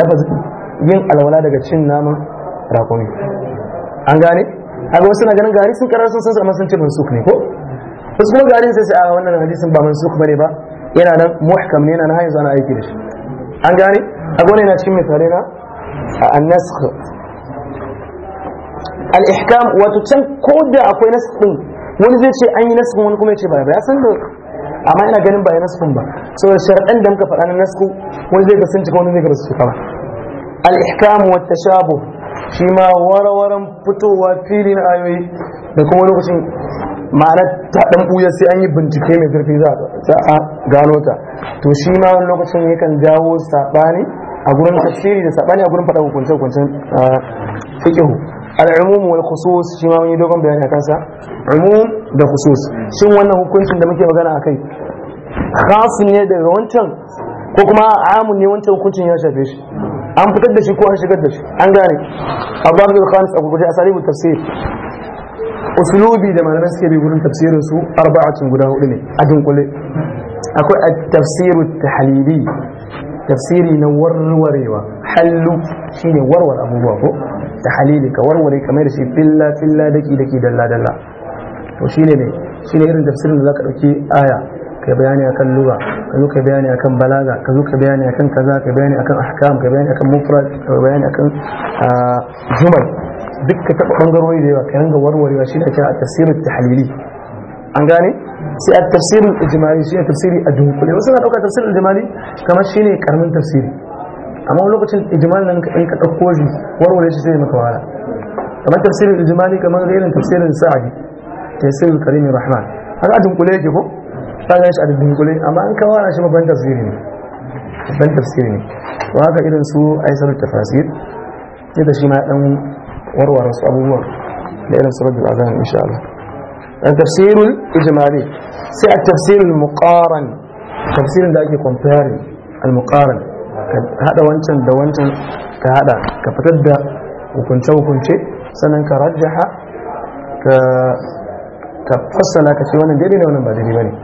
lafazin yin alwala daga cin naman rakuni an gane ga wasu na ganin gari sun karar sun sansa amma cin ce ne ko wasu kuma gari sai sai a wannan hadisin ba ba ne ba yana nan muhkam ne yana na hanyar zana ana aiki da shi an gane a gwane na cikin misali na a nask al-ihkam wato can ko da akwai nasukun wani zai ce an yi nasukun wani kuma ya ce ba ya san da amma ina ganin ba ya nasukun ba So sharaɗan da muka faɗa na nasku wani zai ga sun cika wani zai ga su cika ba al-ihkam wa shi ma warawaran fitowa na ayoyi da kuma lokacin ma'ana ta dan buya sai an yi bincike mai zurfi za a gano ta to shi ma wani lokacin yakan jawo sabani a gurin tafsiri da sabani a gurin faɗa hukunce hukuncen fiqh al'umum wal khusus shi ma wani dogon bayani akan sa umum da khusus shin wannan hukuncin da muke magana akai khas ne da wancan ko kuma amun ne wancan hukuncin ya shafe shi an fitar da shi ko an shigar da shi an gane abu da khamis abu da asali tafsir usulubi da malamai suke bi gurin tafsirin su arba'atun guda hudu ne a dunkule akwai at-tafsiru tahlibi tafsiri na warwarewa hallu shine warware abubuwa ko tahlili ka warware kamar da shi filla filla daki daki dalla dalla to shine ne shine irin tafsirin da zaka dauki aya kai bayani akan lugha ka zo ka bayani akan balaga ka zo ka bayani akan kaza ka bayani akan ahkam ka bayani akan mufrad ka bayani akan ah, jumal duk taɓa ɓangarori da yawa ka yanga warwarewa shi ne kira a tafsirin tahalili an gane sai a tafsirin ijimali shi a tafsiri a dunkule wasu na ɗauka tafsirin ijimali kamar shi ne karamin tafsiri amma wani lokacin ijimali nan ka ɗauka ɗauko shi warware shi sai maka wahala kamar tafsirin ijimali kamar irin tafsirin sa'adi tafsirin karimin rahman haka a dunkule yake ko ta gane shi a dunkule amma an kawo shi babban tafsiri ne babban tafsiri ne to haka irin su aisar tafasir sai da shi ma ɗan واروح راس ابوها لان سبب الاذان ان شاء الله تفسير الاجمالي سي التفسير المقارن تفسير ده يجي كومبيرن المقارن هذا وانشن ده وانشن كهذا كفتد وكنشا وكنشي سنن كرجح ك كفصل كشي وانا ديري وانا بديري بني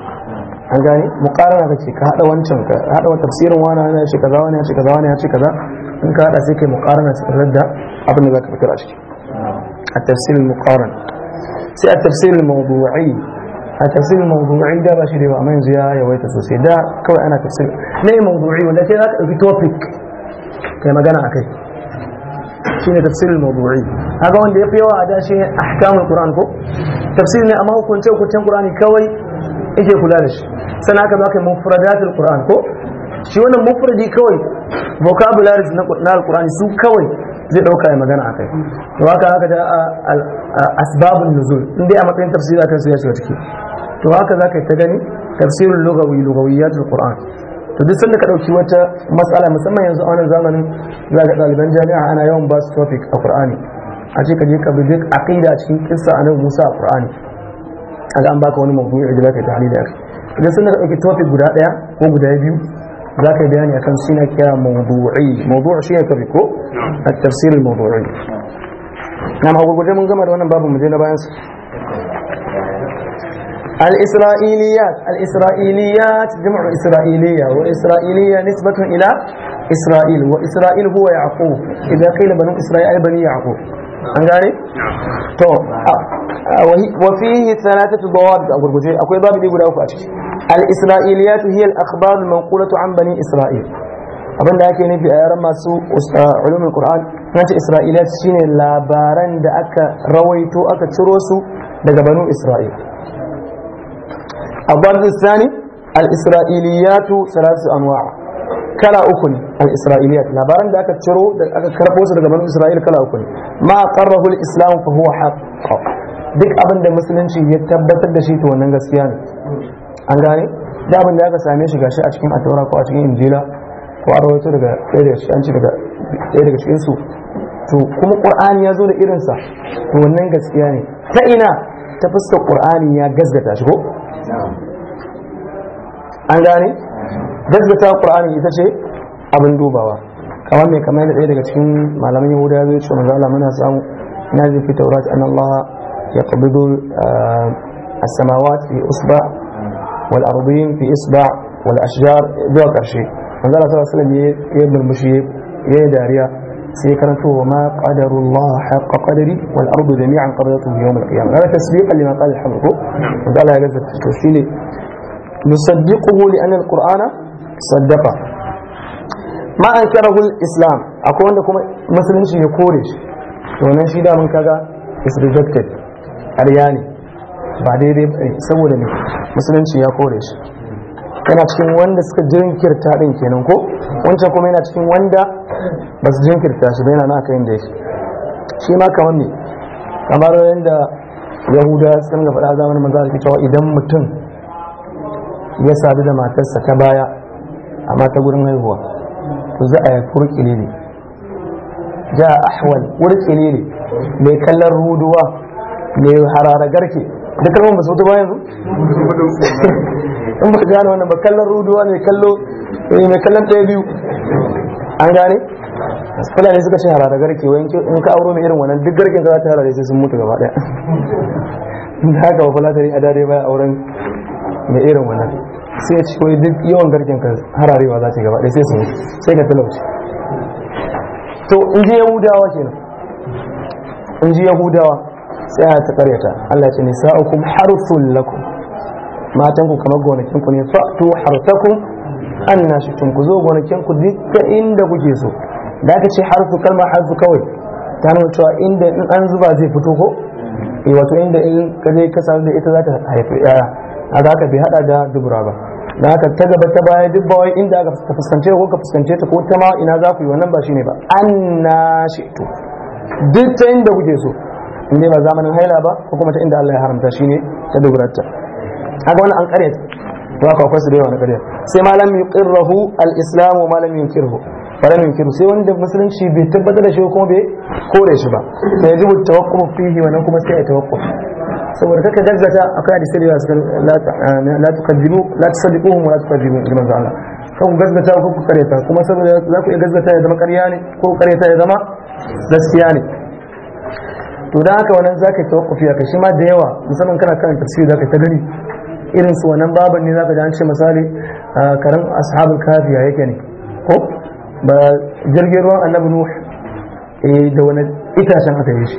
an gani mukarara kace ka hada wancan ka hada tafsirin wani ya ce kaza wani ya ce kaza wani ya in ka hada sai kai muqarana tsirrar da abin da zaka fitar a ciki a tafsir muqaran sai a tafsir mawdu'i a tafsir mawdu'i da ba shi da yawa amma yanzu ya yawaita sosai da kawai ana tafsir ne mawdu'i wanda sai zaka dauki topic kai magana akai shine tafsir mawdu'i haka wanda yafi yawa a da shine ahkamul qur'an ko tafsir ne amma hukunce hukuncen qur'ani kawai yake kula da shi sannan aka baka mufradatul qur'an ko shi wannan mufradi kawai vocabularies na alkur'ani su kawai zai dauka ya magana akai to haka haka da asbabun nuzul in dai a matsayin tafsiri akan su ya shiga ciki to haka zaka ta gani tafsirul lugawi lugawiyatul qur'an to duk sanda ka dauki wata matsala musamman yanzu a wannan zamanin za ga ɗaliban jami'a ana yawan ba su topic a qur'ani a ce ka je ka a duk aqida cikin kissa annabi Musa a qur'ani kaga an baka wani mawdu'i da zaka yi tahlili akai idan sun da dauki topic guda daya ko guda biyu za ka yi bayani a kan suna kya mawdu'i mawdu'a shi ne kari ko a tafsirin mawdu'i na magwagwaje mun gama wannan babu mu je bayansu al-isra'iliyat al-isra'iliyat jama'ar isra'iliya wa isra'iliya nisbatun ila isra'il wa isra'il huwa yaqub idan kai da banin isra'il ay bani an gane to wa fihi thalathatu dawab da gurguje akwai babu ne guda uku a ciki al-isra'iliyatu hiya al-akhbar al-manqulatu an bani isra'il abin da ake nufi a yaran masu ulumul qur'an nan ce isra'iliyat shine labaran da aka rawaito aka ciro su daga banu isra'il abban tsani al-isra'iliyatu salasu anwa' kala uku ne al-isra'iliyat labaran da aka ciro da aka karbo su daga banu isra'il kala uku ne ma qarrahu al-islam fa huwa haqq duk abin da musulunci ya tabbatar da shi to wannan gaskiya ne an gane da abin da aka same shi gashi a cikin attaura ko a cikin injila ko a rawaito daga ɗaya daga cikin su to kuma qur'ani ya zo da irinsa to wannan gaskiya ne ta ina ta fuskar qur'ani ya gazgata shi ko an gane gazgata qur'ani ita ce abin dubawa kamar mai kamar da ɗaya daga cikin malaman yahuda ya zo ce manzo Allah muna samu ina zai fi taurat an ya qabidu ah, as-samawati bi usba' والأرضين في إصبع والأشجار دوك أشي فنزل الله صلى الله عليه وسلم يبن المشيب يداريا سيكرت وما قدر الله حق قدري والأرض جميعا قبضته يوم القيامة هذا تسبيقا لما قال الحمد وقال يا يجب التسليل نصدقه لأن القرآن صدقه ما أنكره الإسلام أقول عندكم مثلا شيء يقولش wannan shi من كذا is rejected ƙarya ne ba musulunci ya kore shi yana cikin wanda suka jinkirta din kenan ko wancan kuma yana cikin wanda ba su jinkirta shi ba yana na yin da ya shi ma kamar me kamar yadda yahuda sun ga faɗa zamanin manzo da cewa idan mutum ya sadu da matarsa ta baya amma ta gurin haihuwa to za a yi furkile ne ja ahwal furkile ne mai kallon ruduwa mai harara garke da kalmar basu su bayan su? in ba ka gane wannan ba kallon ruduwa ne kallo eh, mai kallon ɗaya biyu an gane fulani suka ce harara garke wa in ka auro mai irin wannan duk garken ka za ta harare sai sun mutu gaba ɗaya [LAUGHS] da haka ba fulatari a dare baya auren mai irin wannan sai ci kawai duk yawan garken ka hararewa za ta gaba ɗaya sai sun sai ka talauci to in ji yahudawa kenan in ji yahudawa sai a ta karyata Allah ce nisa'ukum harthul lakum matan ku kamar gonakin ku ne fa'tu harthakum anna shi'tum ku zo gonakin ku dukka inda kuke so da aka ce harthu kalma harthu kawai ta nuna cewa inda in an zuba zai fito ko eh wato inda in ka je ka da ita za ta haifi yara za aka bi hada da dubura ba da aka ta gaba ta baya duk bawai inda ka fuskance ko ka fuskance ta ko ta ma ina za ku yi wannan ba shine ba anna shi'tum duk ta inda kuke so in dai ba zamanin haila ba ko kuma ta inda Allah ya haramta shi ne ta dogaratta haka wannan an karyata to haka akwai su da yawa na karya sai malam yuqirruhu al-islam wa malam yunkirhu falam yunkiru sai wanda musulunci bai tabbatar da shi ko kuma bai kore shi ba ya jibu tawakkuf fihi wannan kuma sai ya tawakkul saboda kaka gaggata akwai hadisi da suka eh, la tuqaddimu la tusaddiquhum wa la tuqaddimu inda manzo Allah kan ku ko ku kareta kuma saboda za ku iya gaggata ya zama karya ne ko ƙareta ya zama gaskiya ne to da haka wannan zaka yi tawakkufi ka shi ma da yawa musamman kana kan tafsiri zaka ta gani irin su wannan baban ne zaka ji an ce misali karan ashabul kafiya yake ne ko ba jirgin ruwan annabi nuh eh da wani itacen aka yi shi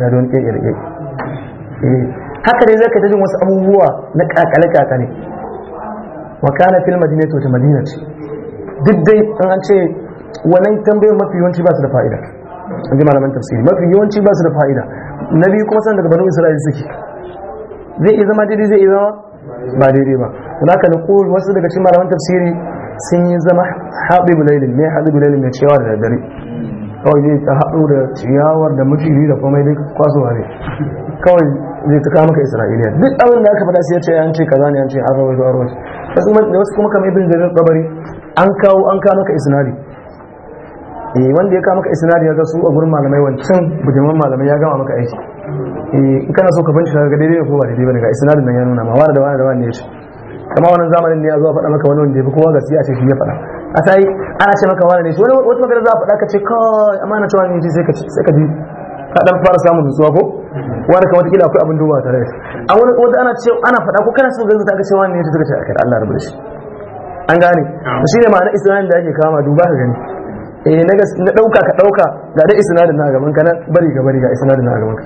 ga don ke irge eh, haka dai zaka ta jin wasu abubuwa na kakale kakale wa kana fil madinatu ta madinati duk dai an ce wannan tambayar mafi yawanci ba su da fa'ida in ji malaman tafsiri mafi yawanci ba su da fa'ida na biyu kuma san daga banu isra'il suke zai iya zama daidai zai iya zama ba daidai ba don ka na wasu daga cikin malaman tafsiri sun yi zama haɗibu lailin mai haɗibu lailin mai ciyawa da daddare kawai zai ta haɗo da ciyawar da yi da komai dai kwasowa ne kawai zai ta kama ka isra'iliya duk abin da aka faɗa sai ya ce an ce kaza ne an ce an rawaito an rawaito wasu kuma kamar ibn jarir tabari an kawo an kama ka isnadi eh wanda ya kawo maka isnadi ya ga su a gurin malamai wancan bujiman malamai ya gama maka aiki eh in kana so ka bincika ga daidai ko ba daidai bane ga isnadin nan ya nuna ma wani da wani da wani ne shi amma wannan zamanin ne ya zo faɗa maka wani wanda ya fi kowa gaskiya ce shi ya faɗa a sai ana ce maka wani ne shi wani wata magana za a faɗa ka ce kai amma na cewa ne sai ka sai ka ji ka dan fara samun nutsuwa ko wani kamar kila akwai abin duba tare da a wani wanda ana ce ana faɗa ko kana so ga zata ka ce wani ne ta ce akai Allah rubuta shi an gane shi ne ma'ana isnadin da ake kama duba ka gani eh na dauka ka dauka ga da isnadin na gaban ka na bari ga bari ga isnadin na gaban ka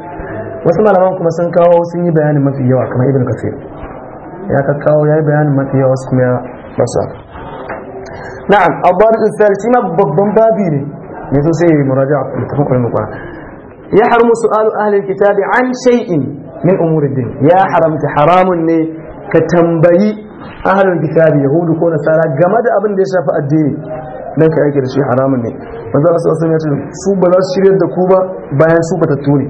wasu malaman kuma sun kawo sun yi bayanin mafi yawa kamar ibn kasir ya ka kawo ya yi bayanin mafi yawa wasu kuma ya basu na'am abbaru isar shi ma babban babi ne ne so sai muraja tafin kullum kwa ya haramu su'alu ahli kitabi an shay'in min umuri din ya haramta haramun ne ka tambayi ahlul kitabi yahudu ko nasara game da abin da ya shafi addini dan ka yake da shi haramun ne manzo Allah sallallahu alaihi wasallam ya ce su ba za su shiryar da ku ba bayan su batattu ne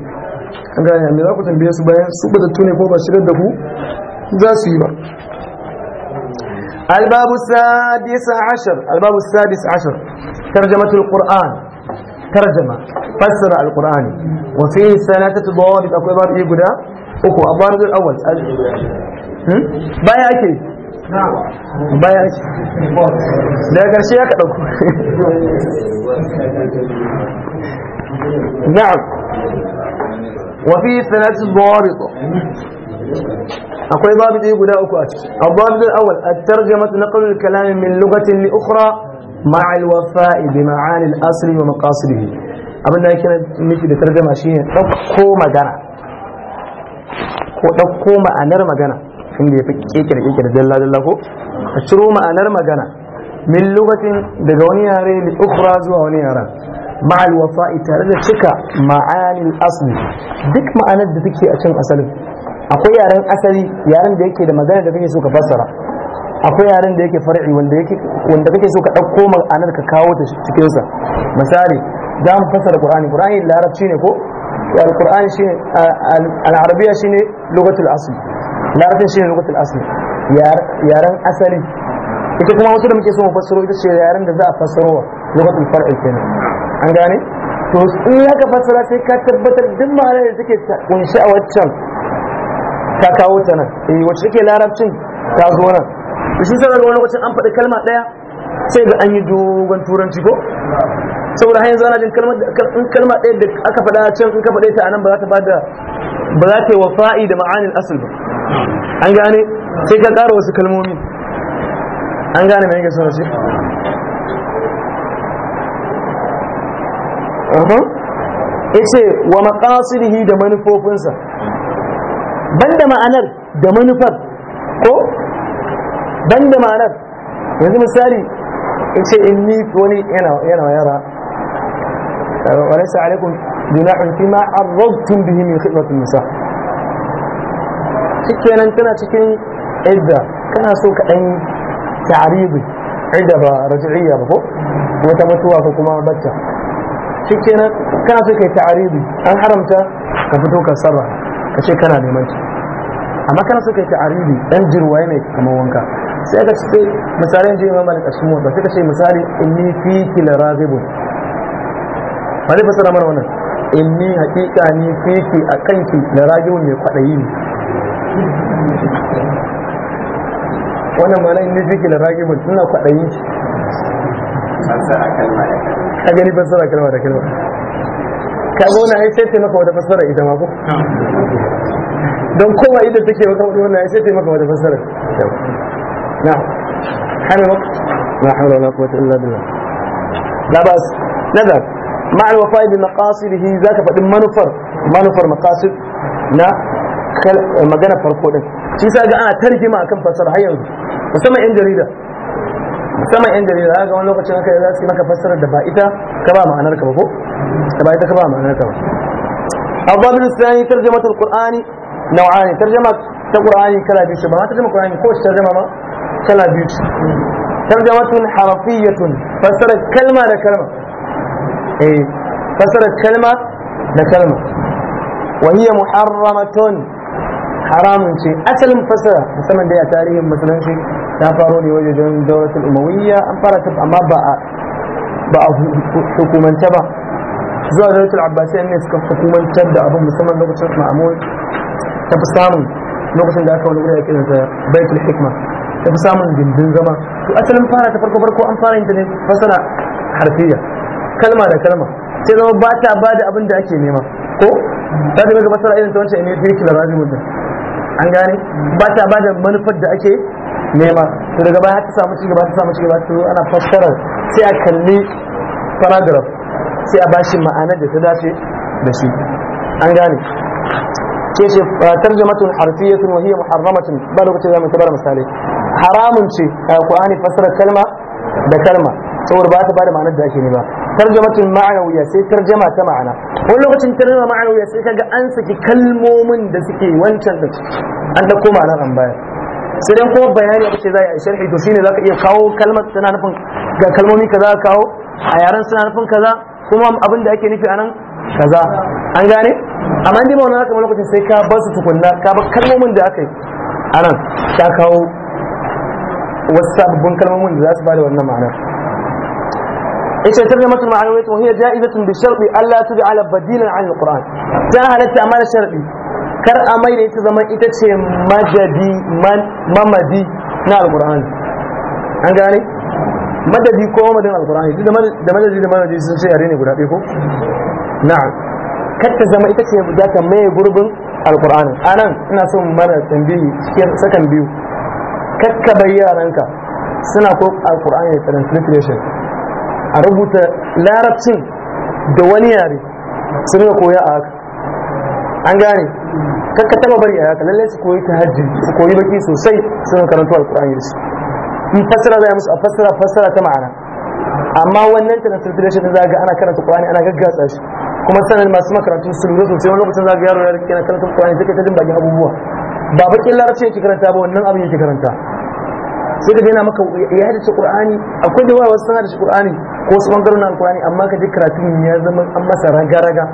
an ya me za ku tambaye su bayan su batattu ne ko ba shiryar da ku za su yi ba sadis ashar albabu sadis ashar عشر ترجمة القرآن ترجمة alquran wa fi ثلاثة ضوابط akwai babu إيه قدا أكو الضابط الأول baya ake baya ce daga ƙarshe ya kaɗa ku na'am wafi sanatu zuwariko akwai babu ɗaya guda uku a ciki abubuwan awal a tarjamatu na ƙarfi kalamin min lugatin li ukhra مع الوفاء بمعاني الأصل ومقاصده abin da kira nufi da tarjama shine ɗauko magana ko ɗauko ma'anar magana tunda ya fi kekere kekere dalla dalla ko a ciro ma'anar magana min lokacin daga wani yare da ukura zuwa wani yaren ma'al wafa'i tare da cika ma'anin asali duk ma'anar da take a can asalin akwai yaren asali yaren da yake da magana da kake so ka fassara akwai yaren da yake far'i wanda yake wanda kake so ka dauko ma'anar ka kawo ta cikin sa misali da mu fassara qur'ani qur'ani larabci ne ko alqur'ani shine al-arabiyya shine lugatul asli larabcin shi ne lokacin asali. yaren asali ita kuma wasu da muke so mu fassaro ita ce yaren da za a fassaro wa lugatul far'i kenan an gane to in ka fassara sai ka tabbatar duk ma'anar da take kunshi a waccan ta kawo ta nan eh wacce take larabcin ta zo nan shi sai wani lokacin an faɗi kalma ɗaya sai ga an yi dogon turanci ko saboda hanyar zana jin kalma ɗaya da aka faɗa can in ka faɗe ta a nan ba za ta ba da ba za ta yi wa fa'i da ma'anin asali ba an gane sai ka ƙara wasu kalmomi an gane mai ga sauransu ya ce wa maƙasirihi da manufofinsa banda ma'anar da manufar ko banda ma'anar yanzu misali ya ce in ni wani yana yara wa laisa alaikum junahun fi ma arrabtum bihi min khidmatin nisa' shikenan tana cikin idda kana so ka dan ta'ribi idda ba raj'iyya ba ko wata mutuwa ko kuma bacca shikenan kana so kai ta'ribi an haramta ka fito ka sarra ka ce kana neman ta amma kana so kai ta'ribi dan jirwaye ne kamar wanka sai ka ce misalin je imam malik asmu ba sai ka ce misali inni fi kil raghibun wani fasara mana wannan inni haƙiƙa ni fiki akan ki na ragiyun mai kwaɗayi ne wannan ma nan nufi ke da rage mutu suna kwaɗayi a gani fassara kalma da kalma ka ga wani ai sai maka wata fassara ita ma ko don kowa idan take maka wani wannan ai sai maka wata fassara na hana maka la hawla wala quwwata illa billah la bas nazar مع الوفاء بمقاصده ذاك فدي manufar manufar مقاصد na magana farko din shi sa ga ana tarjima akan fasara har yanzu musamman yan jarida musamman yan jarida ga wani lokacin haka za su yi maka fassara da ba ita ka ba ma'anar ka ba ko da ba ita ka ba ma'anar ka ba الضابط الثاني ترجمة القرآن نوعان ترجمة القرآن كلا بيش ما ترجمة القرآن كوش ترجمة ما كلا بيش ترجمة حرفية فسر كلمة لكلمة إيه فسر كلمة لكلمة وهي محرمة haramun ce asalin fasara musamman da ya tarihin musulunci ta faro ne wajen daulatul umawiyya an fara ta amma ba a ba a hukumance ba zuwa daulatul abbasiyya ne suka hukumantar da abin musamman lokacin ma'amun ta fi samun lokacin da aka wani wuri a kiransa baitul hikma ta fi samun gindin zama to asalin fara ta farko farko an fara yin ta ne fasara harfiya kalma da kalma sai zama ba ta ba da abin da ake nema ko ta zama ga fasara irin ta wancan ne fi kila rajimun din an gane ba ta ba da manufar da ake nema to daga baya ta samu cigaba ta samu cigaba to ana fassarar sai a kalli paragraph sai a bashi ma'anar da ta dace da shi an gane ke ce ah, tarjamatun harfiyatun wa hiya muharramatun ba lokacin zamu tabar misali haramun ce a qur'ani fassara kalma da kalma saboda ba ta ba da ma'anar da ake nema tarjamatun ma'anawiya sai tarjama ta ma'ana wani lokacin tarjama ma'anawiya sai kaga an saki kalmomin da suke wancan da an da koma nan an bayar sai dan kuma bayani a ce za a sharhi to shine zaka iya kawo kalmar tana nufin ga kalmomi kaza kawo a yaran suna nufin kaza kuma abin da ake nufi anan kaza an gane amma indai mauna zaka lokacin sai ka ba su tukunna ka ba kalmomin da aka yi anan ka kawo wasu sababbin kalmomin da za su da wannan ma'anar yace tarjamatu ma'anawiyat wa hiya ja'izatun bi sharti alla tuj'ala badilan 'an al-Qur'an ta halatta amma sharti kar a mai da ita zama ita ce madadi mamadi na al-Qur'an an gane madadi ko mamadin al-Qur'an da madadi da mamadi sun ce yare ne guda ɗaya ko na'am kar ta zama ita ce za ta mai gurbin al-Qur'an anan ina son mara tambayi cikin sakan biyu kakka bayyaranka suna ko al-Qur'an ya translation a rubuta larabcin da wani yare su ne koya a haka an gane kakka taba bari a haka lallai su koyi ta hajji su koyi baki sosai suna karanta alkur'ani da su in fassara zai musu a fassara fassara ta ma'ana amma wannan ta translation a zaga ana karanta qur'ani ana gaggatsa shi kuma sanan masu makarantu su lura sosai wani lokacin zaga yaro ya rike na karanta qur'ani sai ka ta jin abubuwa ba bakin larabci yake karanta ba wannan abin yake karanta sai ga yana maka ya hada qur'ani akwai da sana da qur'ani ko su bangaren alkurani amma ka ji karatun ya zama an masa raga-raga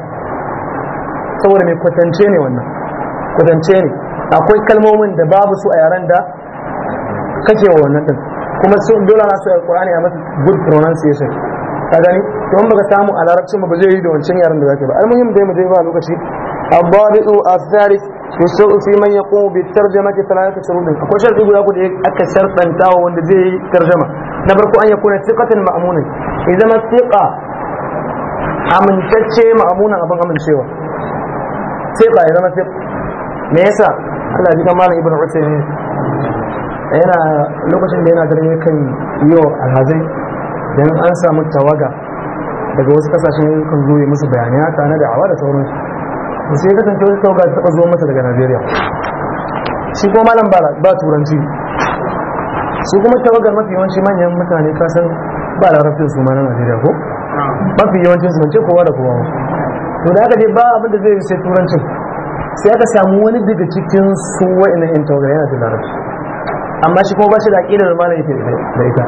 saboda mai kwatance ne wannan kwatance ne akwai kalmomin da babu su a yaren da kake wa wannan din kuma su dole na su alkurani a masa good pronunciation ka gani to in baka samu a larabcin ba zai yi da wancan yaren da zaka ba almuhim dai mu je ba lokaci abadu atharis yusuf fi man yaqumu bi tarjamati thalathati shurud akwai sharti guda ku da aka shartanta wanda zai yi tarjama na farko an yakuna thiqatan ma'munan bai zama siƙa amintacce ma'amunan abin amincewa ba ya zama siƙa me yasa Allah ji kan malam ibn Utsaimin yana lokacin da yana dare kan yi wa alhazai dan an samu tawaga daga wasu kasashen kan zo yi musu bayanai haka na Awa, da da sai ya kasance wani tawaga ta zo masa daga Najeriya shi kuma malam ba turanci su kuma tawagar mafi yawanci manyan mutane kasan ba larabcin su mana na najeriya ko mafi yawancin su mace kowa da kowa to da aka dai ba abin da zai sai turancin sai aka samu wani daga cikin su wa'annan yan tawagar yana da larabci amma shi kuma ba shi da aƙidar da malam yake da ita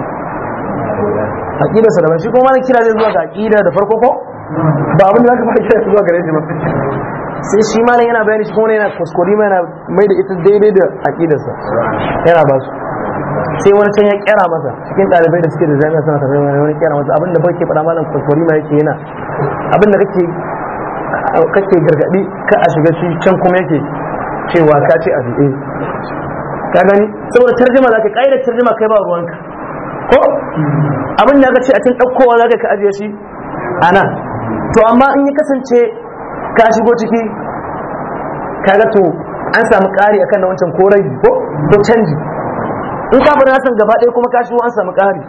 aƙidar sa da ba shi kuma malam kira ne zuwa ga aƙida da farko ko ba abin da zaka ba kira zuwa gare shi ba sai shi malam yana bayani shi kuma yana kuskure yana mai da ita daidai da aƙidarsa yana ba su sai wani can ya kera masa cikin ɗalibai da suke da jami'a suna tafiya wani wani kera masa abinda bai ke faɗa malam kwakwari ma yake yana abinda kake kake gargaɗi ka a shiga shi can kuma yake cewa ka ce a fiye ka gani saboda tarjima za ka ƙa'idar tarjima kai ba ruwanka ko abin da aka ce a can ɗaukowa za ka ajiye shi a nan to amma in ya kasance ka shigo ciki ka ga to an samu ƙari akan na wancan korai ko to canji in ka bar nasan gaba ɗaya kuma ka shigo an samu ƙari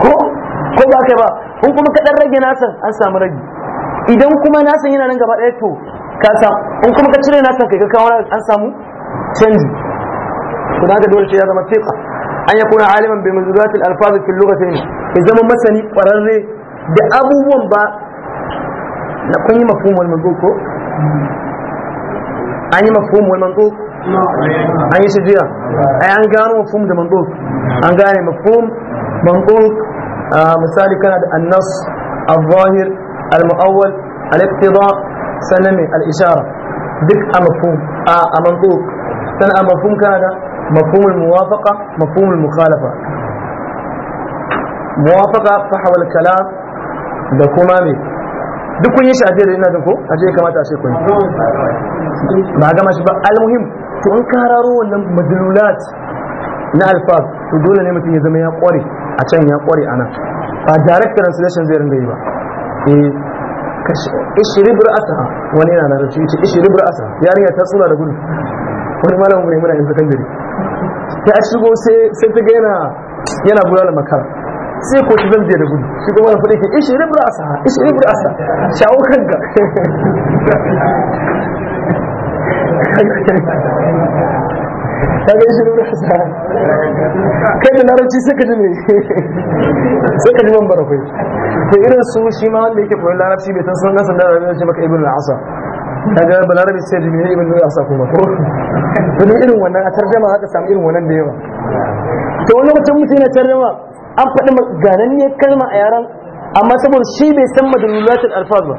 ko ko ba kai ba in kuma ka ɗan rage nasan an samu rage idan kuma nasan yana nan gaba ɗaya to ka sa in kuma ka cire nasan kai ka kawo an samu canji to haka dole ce ya zama fiqa an yakuna aliman bi manzurat al alfaz fi lughatayn ya zama masani kwararre da abubuwan ba na kun yi mafhumul mazuko an yi mafhumul mazuko an yi tajiya ai an gano mafhum da manduk an gane mafhum manduk misali kana da annas al-zahir al-mu'awwal al-iqtida sannan al-ishara duk a mafhum a manduk sannan a mafhum kana da mafhum al-muwafaqa mafhum al-mukhalafa muwafaqa fahwa al-kalam da kuma me duk kun yi shi a jiya da ina da ko a jiya kamata a ce kun ba gama shi ba almuhim to an kararo wannan madlulat na alfaz to dole ne mutum ya zama ya kware a can ya kware a nan ba direct translation zai ringa yi ba eh kashi ishrib asa wani yana da rubuci yace ishrib ra'saha yarinya ta tsula da gudu wani malamin ne muna yin sakandare ta shigo sai sai ta ga yana yana bulala makara sai ko ta zambe da gudu shi kuma na faɗi ke asa, ra'saha ishrib asa shawo kanka [LAUGHS] kaga shi ne hasa kai da larabci sai ka ji ne sai ka ji man barakwai to irin su shi ma wanda yake koyon larabci bai san sunan sanda da zai baka ibn al-asa kaga balarabi sai ji ne ibn al-asa kuma ko Wani irin wannan a tarjama haka samu irin wannan da yawa to wani mutum mutum yana tarjama an faɗi gananniyar kalma a yaran amma saboda shi bai san madalulatul alfaz ba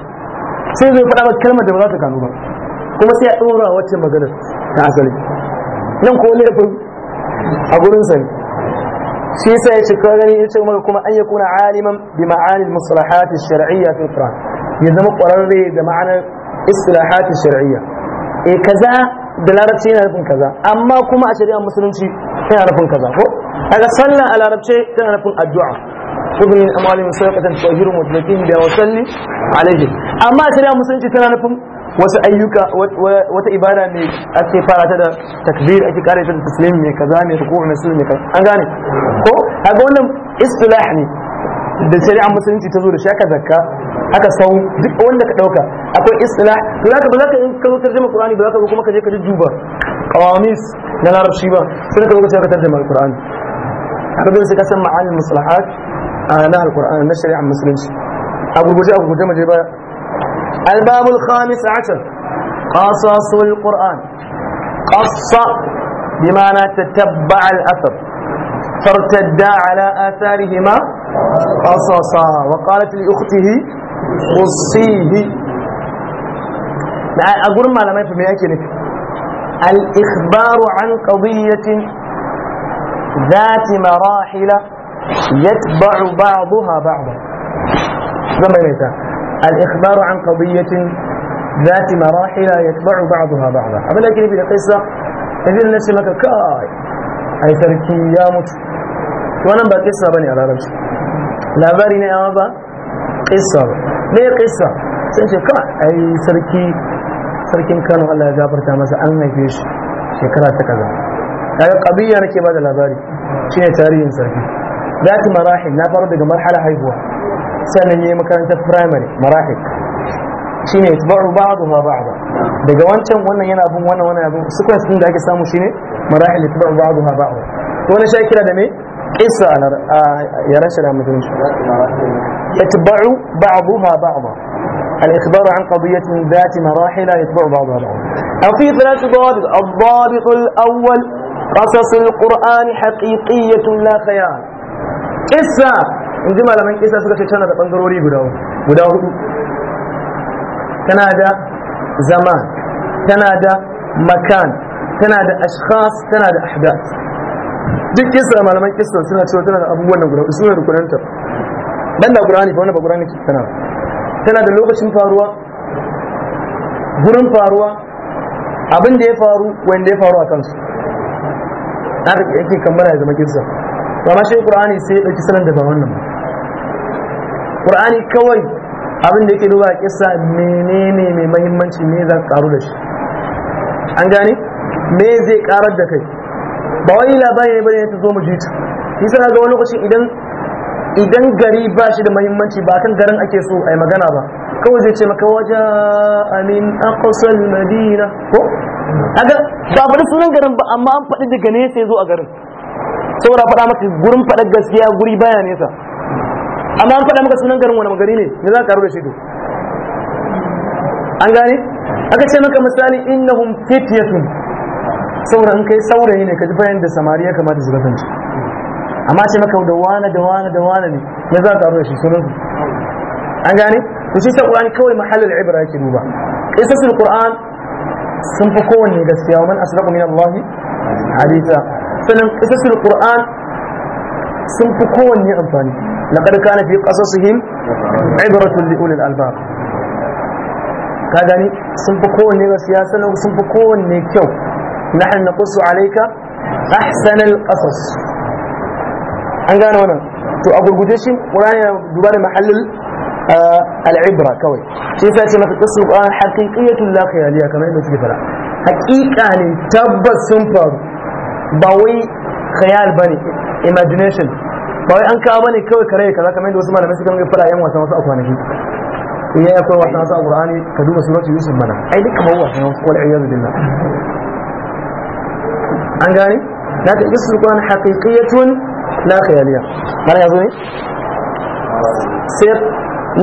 sai zai faɗa maka kalmar da ba za ta gano ba kuma sai ya ɗora wacce maganar ta asali nan ko laifin a gurin sa ne shi sai ya ce gani ya ce maka kuma an ya kuna aliman bi ma'anin musalahat shar'iyya fil fura ya zama ƙwararre da ma'anar istilahat shar'iyya e kaza da larabci yana nufin kaza amma kuma a shari'ar musulunci yana nufin kaza ko daga sallah a larabci tana nufin addu'a ibn amali musaqatan tawahiru mutlakin da wasalli alaihi amma a shari'ar musulunci tana nufin wasu ayyuka wata ibada ne ake fara ta da takbir ake kare ta da taslim ne kaza ne ruku ne sunne kai an gane ko kaga wannan istilah ne da shari'a musulunci ta zo da shi aka zakka aka sau duk wanda ka dauka akwai istilah to zaka ba zaka in ka zo tarjuma qur'ani ba zaka zo kuma ka je ka duba qawamis na larabci ba sai ka zo ka tarjuma qur'ani haka dole sai ka san ma'anin maslahat na alqur'ani na shari'a musulunci a gurguje a gurguje maje ba الباب الخامس عشر قصص القرآن قص بمعنى تتبع الأثر فارتدا على آثارهما قصصا وقالت لأخته قصيه أقول ما لم يفهم يأكل الإخبار عن قضية ذات مراحل يتبع بعضها بعضا زمانتها الإخبار عن قضية ذات مراحل يتبع بعضها بعضا أما لكن في القصة إذن الناس لك كاي أي تركي يا مت وأنا بقى قصة بني على رمش لا باري يا أبا قصة ما قصة سنشي كاي أي تركي تركي كانوا على جابر تامسا أنا فيش شكرا تكذا هذا قبيل أنا كي بعد لا باري شنو تاريخ تركي ذات مراحل لا بقى مرحلة هاي sannan ya yi makarantar firamare marahik shi ne itba'u ba'adu ma ba'ada daga wancan wannan yana bin wannan wannan abin sequence din da ake samu shine marahil itba'u ba'adu ma ba'ada to wannan shi kira da me qissa a yaran shi da mutum shi itba'u ba'adu ma ba'ada الإخبار عن قضية من ذات مراحل يتبع بعضها بعضا أو في ثلاث ضوابط الضابط الأول قصص القرآن حقيقية لا خيال قصة in ji malaman kisa suka ce tana da bangarori guda hudu tana da zaman tana da makan tana da ashkhas tana da ahda. duk kisa malaman kisa suna cewa tana da abubuwan guda hudu suna da kuranta dan da gurani ba wani ba qur'ani tana tana da lokacin faruwa gurin faruwa abin da ya faru wanda ya faru a kansu da yake kammala ya zama kisa to amma shi qur'ani sai ya dauki salon da ba wannan qur'ani kawai abin da yake duba kissa menene mai muhimmanci me za ka karu da shi an gane me zai karar da kai ba wani labari ne bane ta zo mu jita shi sana ga wani lokaci idan idan gari ba shi da muhimmanci ba kan garin ake so ai magana ba kawai zai ce maka waje amin aqsal madina ko aga ba faɗi sunan garin ba amma an faɗi daga ne sai zo a garin saboda faɗa maka gurin faɗa gaskiya guri baya nesa amma an faɗa maka sunan garin wani magari ne me za ka karu da shi to an gane aka ce maka misali innahum fityatun saboda in kai saurayi ne ka ji bayan da samariya kamar kamata su kasance amma ce maka da wani da wani da wani ne me za ka karu da shi sunan su an gane to shi sa qur'ani kawai mahallul ibra yake duba qisasul qur'an sun fi kowanne gaskiya wa man asraqu min allahi haditha sanin kisasul qur'an sun fi kowanne amfani laqad kana fi qasasihim ibratun li ulil albab ka gani sun fi kowanne gaskiya sanin sun fi kowanne kyau nahnu naqussu alayka ahsanal qasas an gane wannan to a gurguje shi qur'ani duba da mahallin al'ibra kawai shi yasa ce maka qassul qur'an haqiqiyatun la khayaliya kamar yadda suke fara haqiqa ne tabbas sun faru ba wai khayal bane imagination ba wai an kawo bane kawai kare kaza kamar yadda wasu malamai suka nuna fara yan wasan wasu a kwanaki ya ya kowa wasan wasu a qur'ani ka duba suratul yusuf mana ai duka ba wasan wasu wal iyad billah an gane na ta isu qur'an haqiqiyatun la khayaliya mana yazo ne sai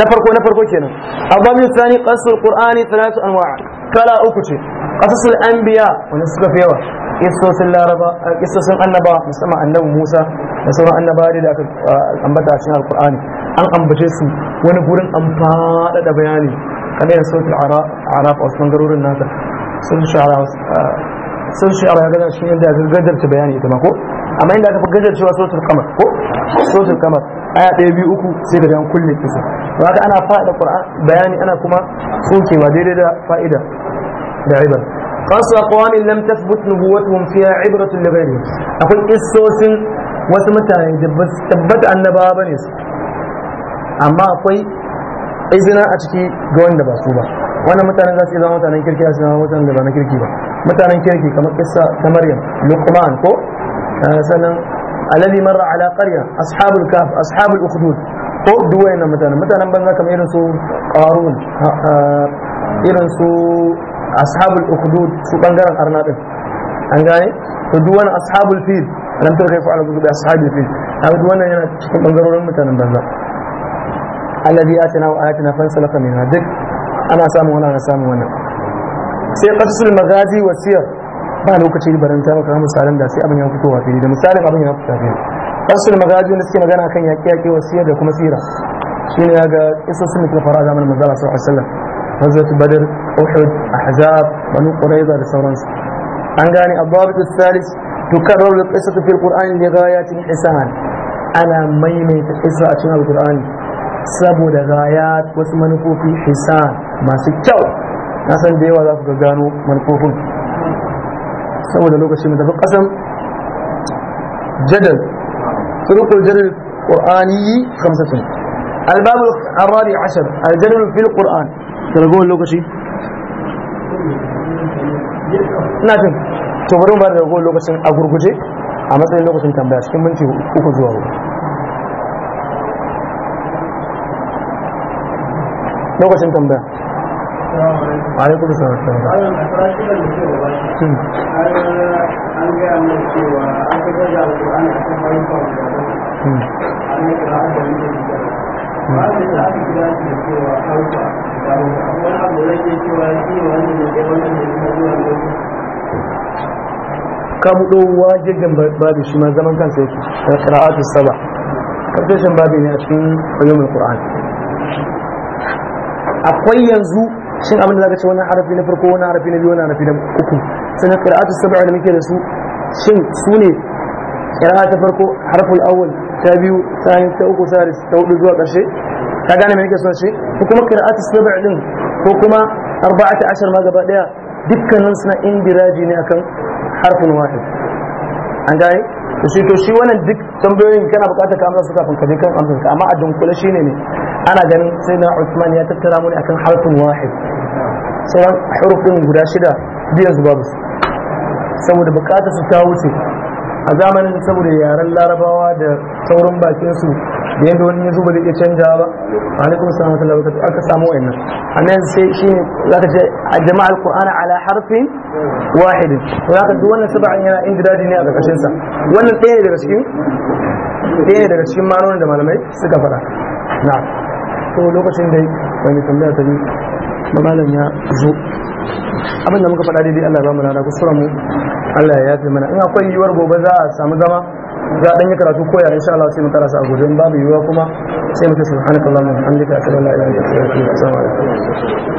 na farko na farko kenan ababu thani qasr qur'ani thalathu anwa' kala uku ce qasasul anbiya wanda suka fi yawa kisosin laraba eh, kisosin annaba musamman annabi musa da sauran annaba da aka eh, ambata a cikin alkur'ani an ambace su wani gurin an da bayani kamar yin sautin arab a wasu bangarorin nata sun shara eh, ya gana cikin yadda zai gajarta bayani ita ma ko amma inda aka fi gajarcewa sautin kamar ko sautin kamar aya ɗaya biyu uku sai ka jan kulle kisa ba haka ana faɗa bayani ana kuma sokewa daidai da fa'ida da ribar خاص أقوام لم تثبت نبوتهم فيها عبرة لغيرهم أقول إسوس وسمتاني تبت أن بابنس amma akwai izina a ciki ga wanda ba su ba wannan mutanen za su zama mutanen kirki a su zama mutanen da ba na kirki ba mutanen kirki kamar kissa ta maryam luqman ko eh, sanan alali marra ala qarya ashabul kaf ashabul ukhdud ko duwayen mutanen mutanen banza kamar irin su qarun eh, irin su ashabul ukhdud su bangaren arna din an gane to duk wani ashabul fil lam tara fa ala bi ashabil fil haka duk wannan yana cikin bangarorin mutanen banza alladhi atina wa ayatina fansalaka minha duk ana samun wannan ana samun wannan sai qasul magazi wa siyar ba lokaci da baranta maka misalan da sai abin ya fito wa fili da misalin abin ya fito fili qasul magazi da suke magana kan yaƙi yaƙi wa siyar da kuma sira shine ya ga isa isosin da fara zamanin manzala sallallahu alaihi wasallam غزوة بدر أحد أحزاب بنو قريظة رسولانس عنقاني الضابط الثالث تكرر القصة في القرآن لغاية الحسان أنا ميمي تحسى أتنا القرآن سبو لغايات واسم في حسان ما سكتو ناسن ديوة لفق قانو منقوف سبو لغا شيء من دفق قسم جدل طرق الجدل القرآني خمسة الباب الرابع عشر الجدل في القرآن ragowar lokaci na jin to ba da ragowar lokacin a gurguje a matsayin lokacin tambaya cikin minti uku zuwa ruwa lokacin tambaya alaikum an gaya hmm. hmm. kabuɗo wajibin babu shi ma zaman kansa yake da ƙira'atu saba ƙarfashin babu ne a cikin ulumul qur'an akwai yanzu shin abin da zaka ce wannan harafi na farko wannan harafi na biyu wannan harafi na uku sannan ƙira'atu saba da muke da su shin su ne ƙira'a ta farko harful awwal ta biyu ta yi ta uku ta ta hudu zuwa karshe ka gane mai nake son ko kuma qira'atu sab'a din ko kuma arba'ata ashar ma gaba daya dukkanin suna indiraji ne akan harfin wahid an gane to shi to shi wannan duk tambayoyin kana bukatar ka amsa su kafin ka je kan amsa ka amma a dunkule shine ne ana ganin sai na Uthman ya tattara mu ne akan harfin wahid sauran hurufin guda shida biyan su babu saboda bukatar su ta wuce a zamanin saboda yaren larabawa da saurin bakinsu da yadda wani yanzu ba zai iya canja ba nufin salam da labarai aka samu nan a nan sai shi ne za ka ce a jama'a alkur'ana ala harfin wahidin za ka ji wannan saba'an yana indiradi ne a ƙarƙashinsa wannan ɗaya daga cikin ɗaya daga cikin manonin da malamai suka faɗa na to lokacin da wani tambaya ta bi malam ya zo abin da muka faɗa daidai Allah ba mu rana kusura mu Allah ya yafe mana in akwai yiwuwar gobe za a samu zama za a yi karatu koya insha Allah sai mu karasa a gobe babu yiwuwa kuma sai mu ce subhanakallahumma wa bihamdika ashhadu an la ilaha illa wa atubu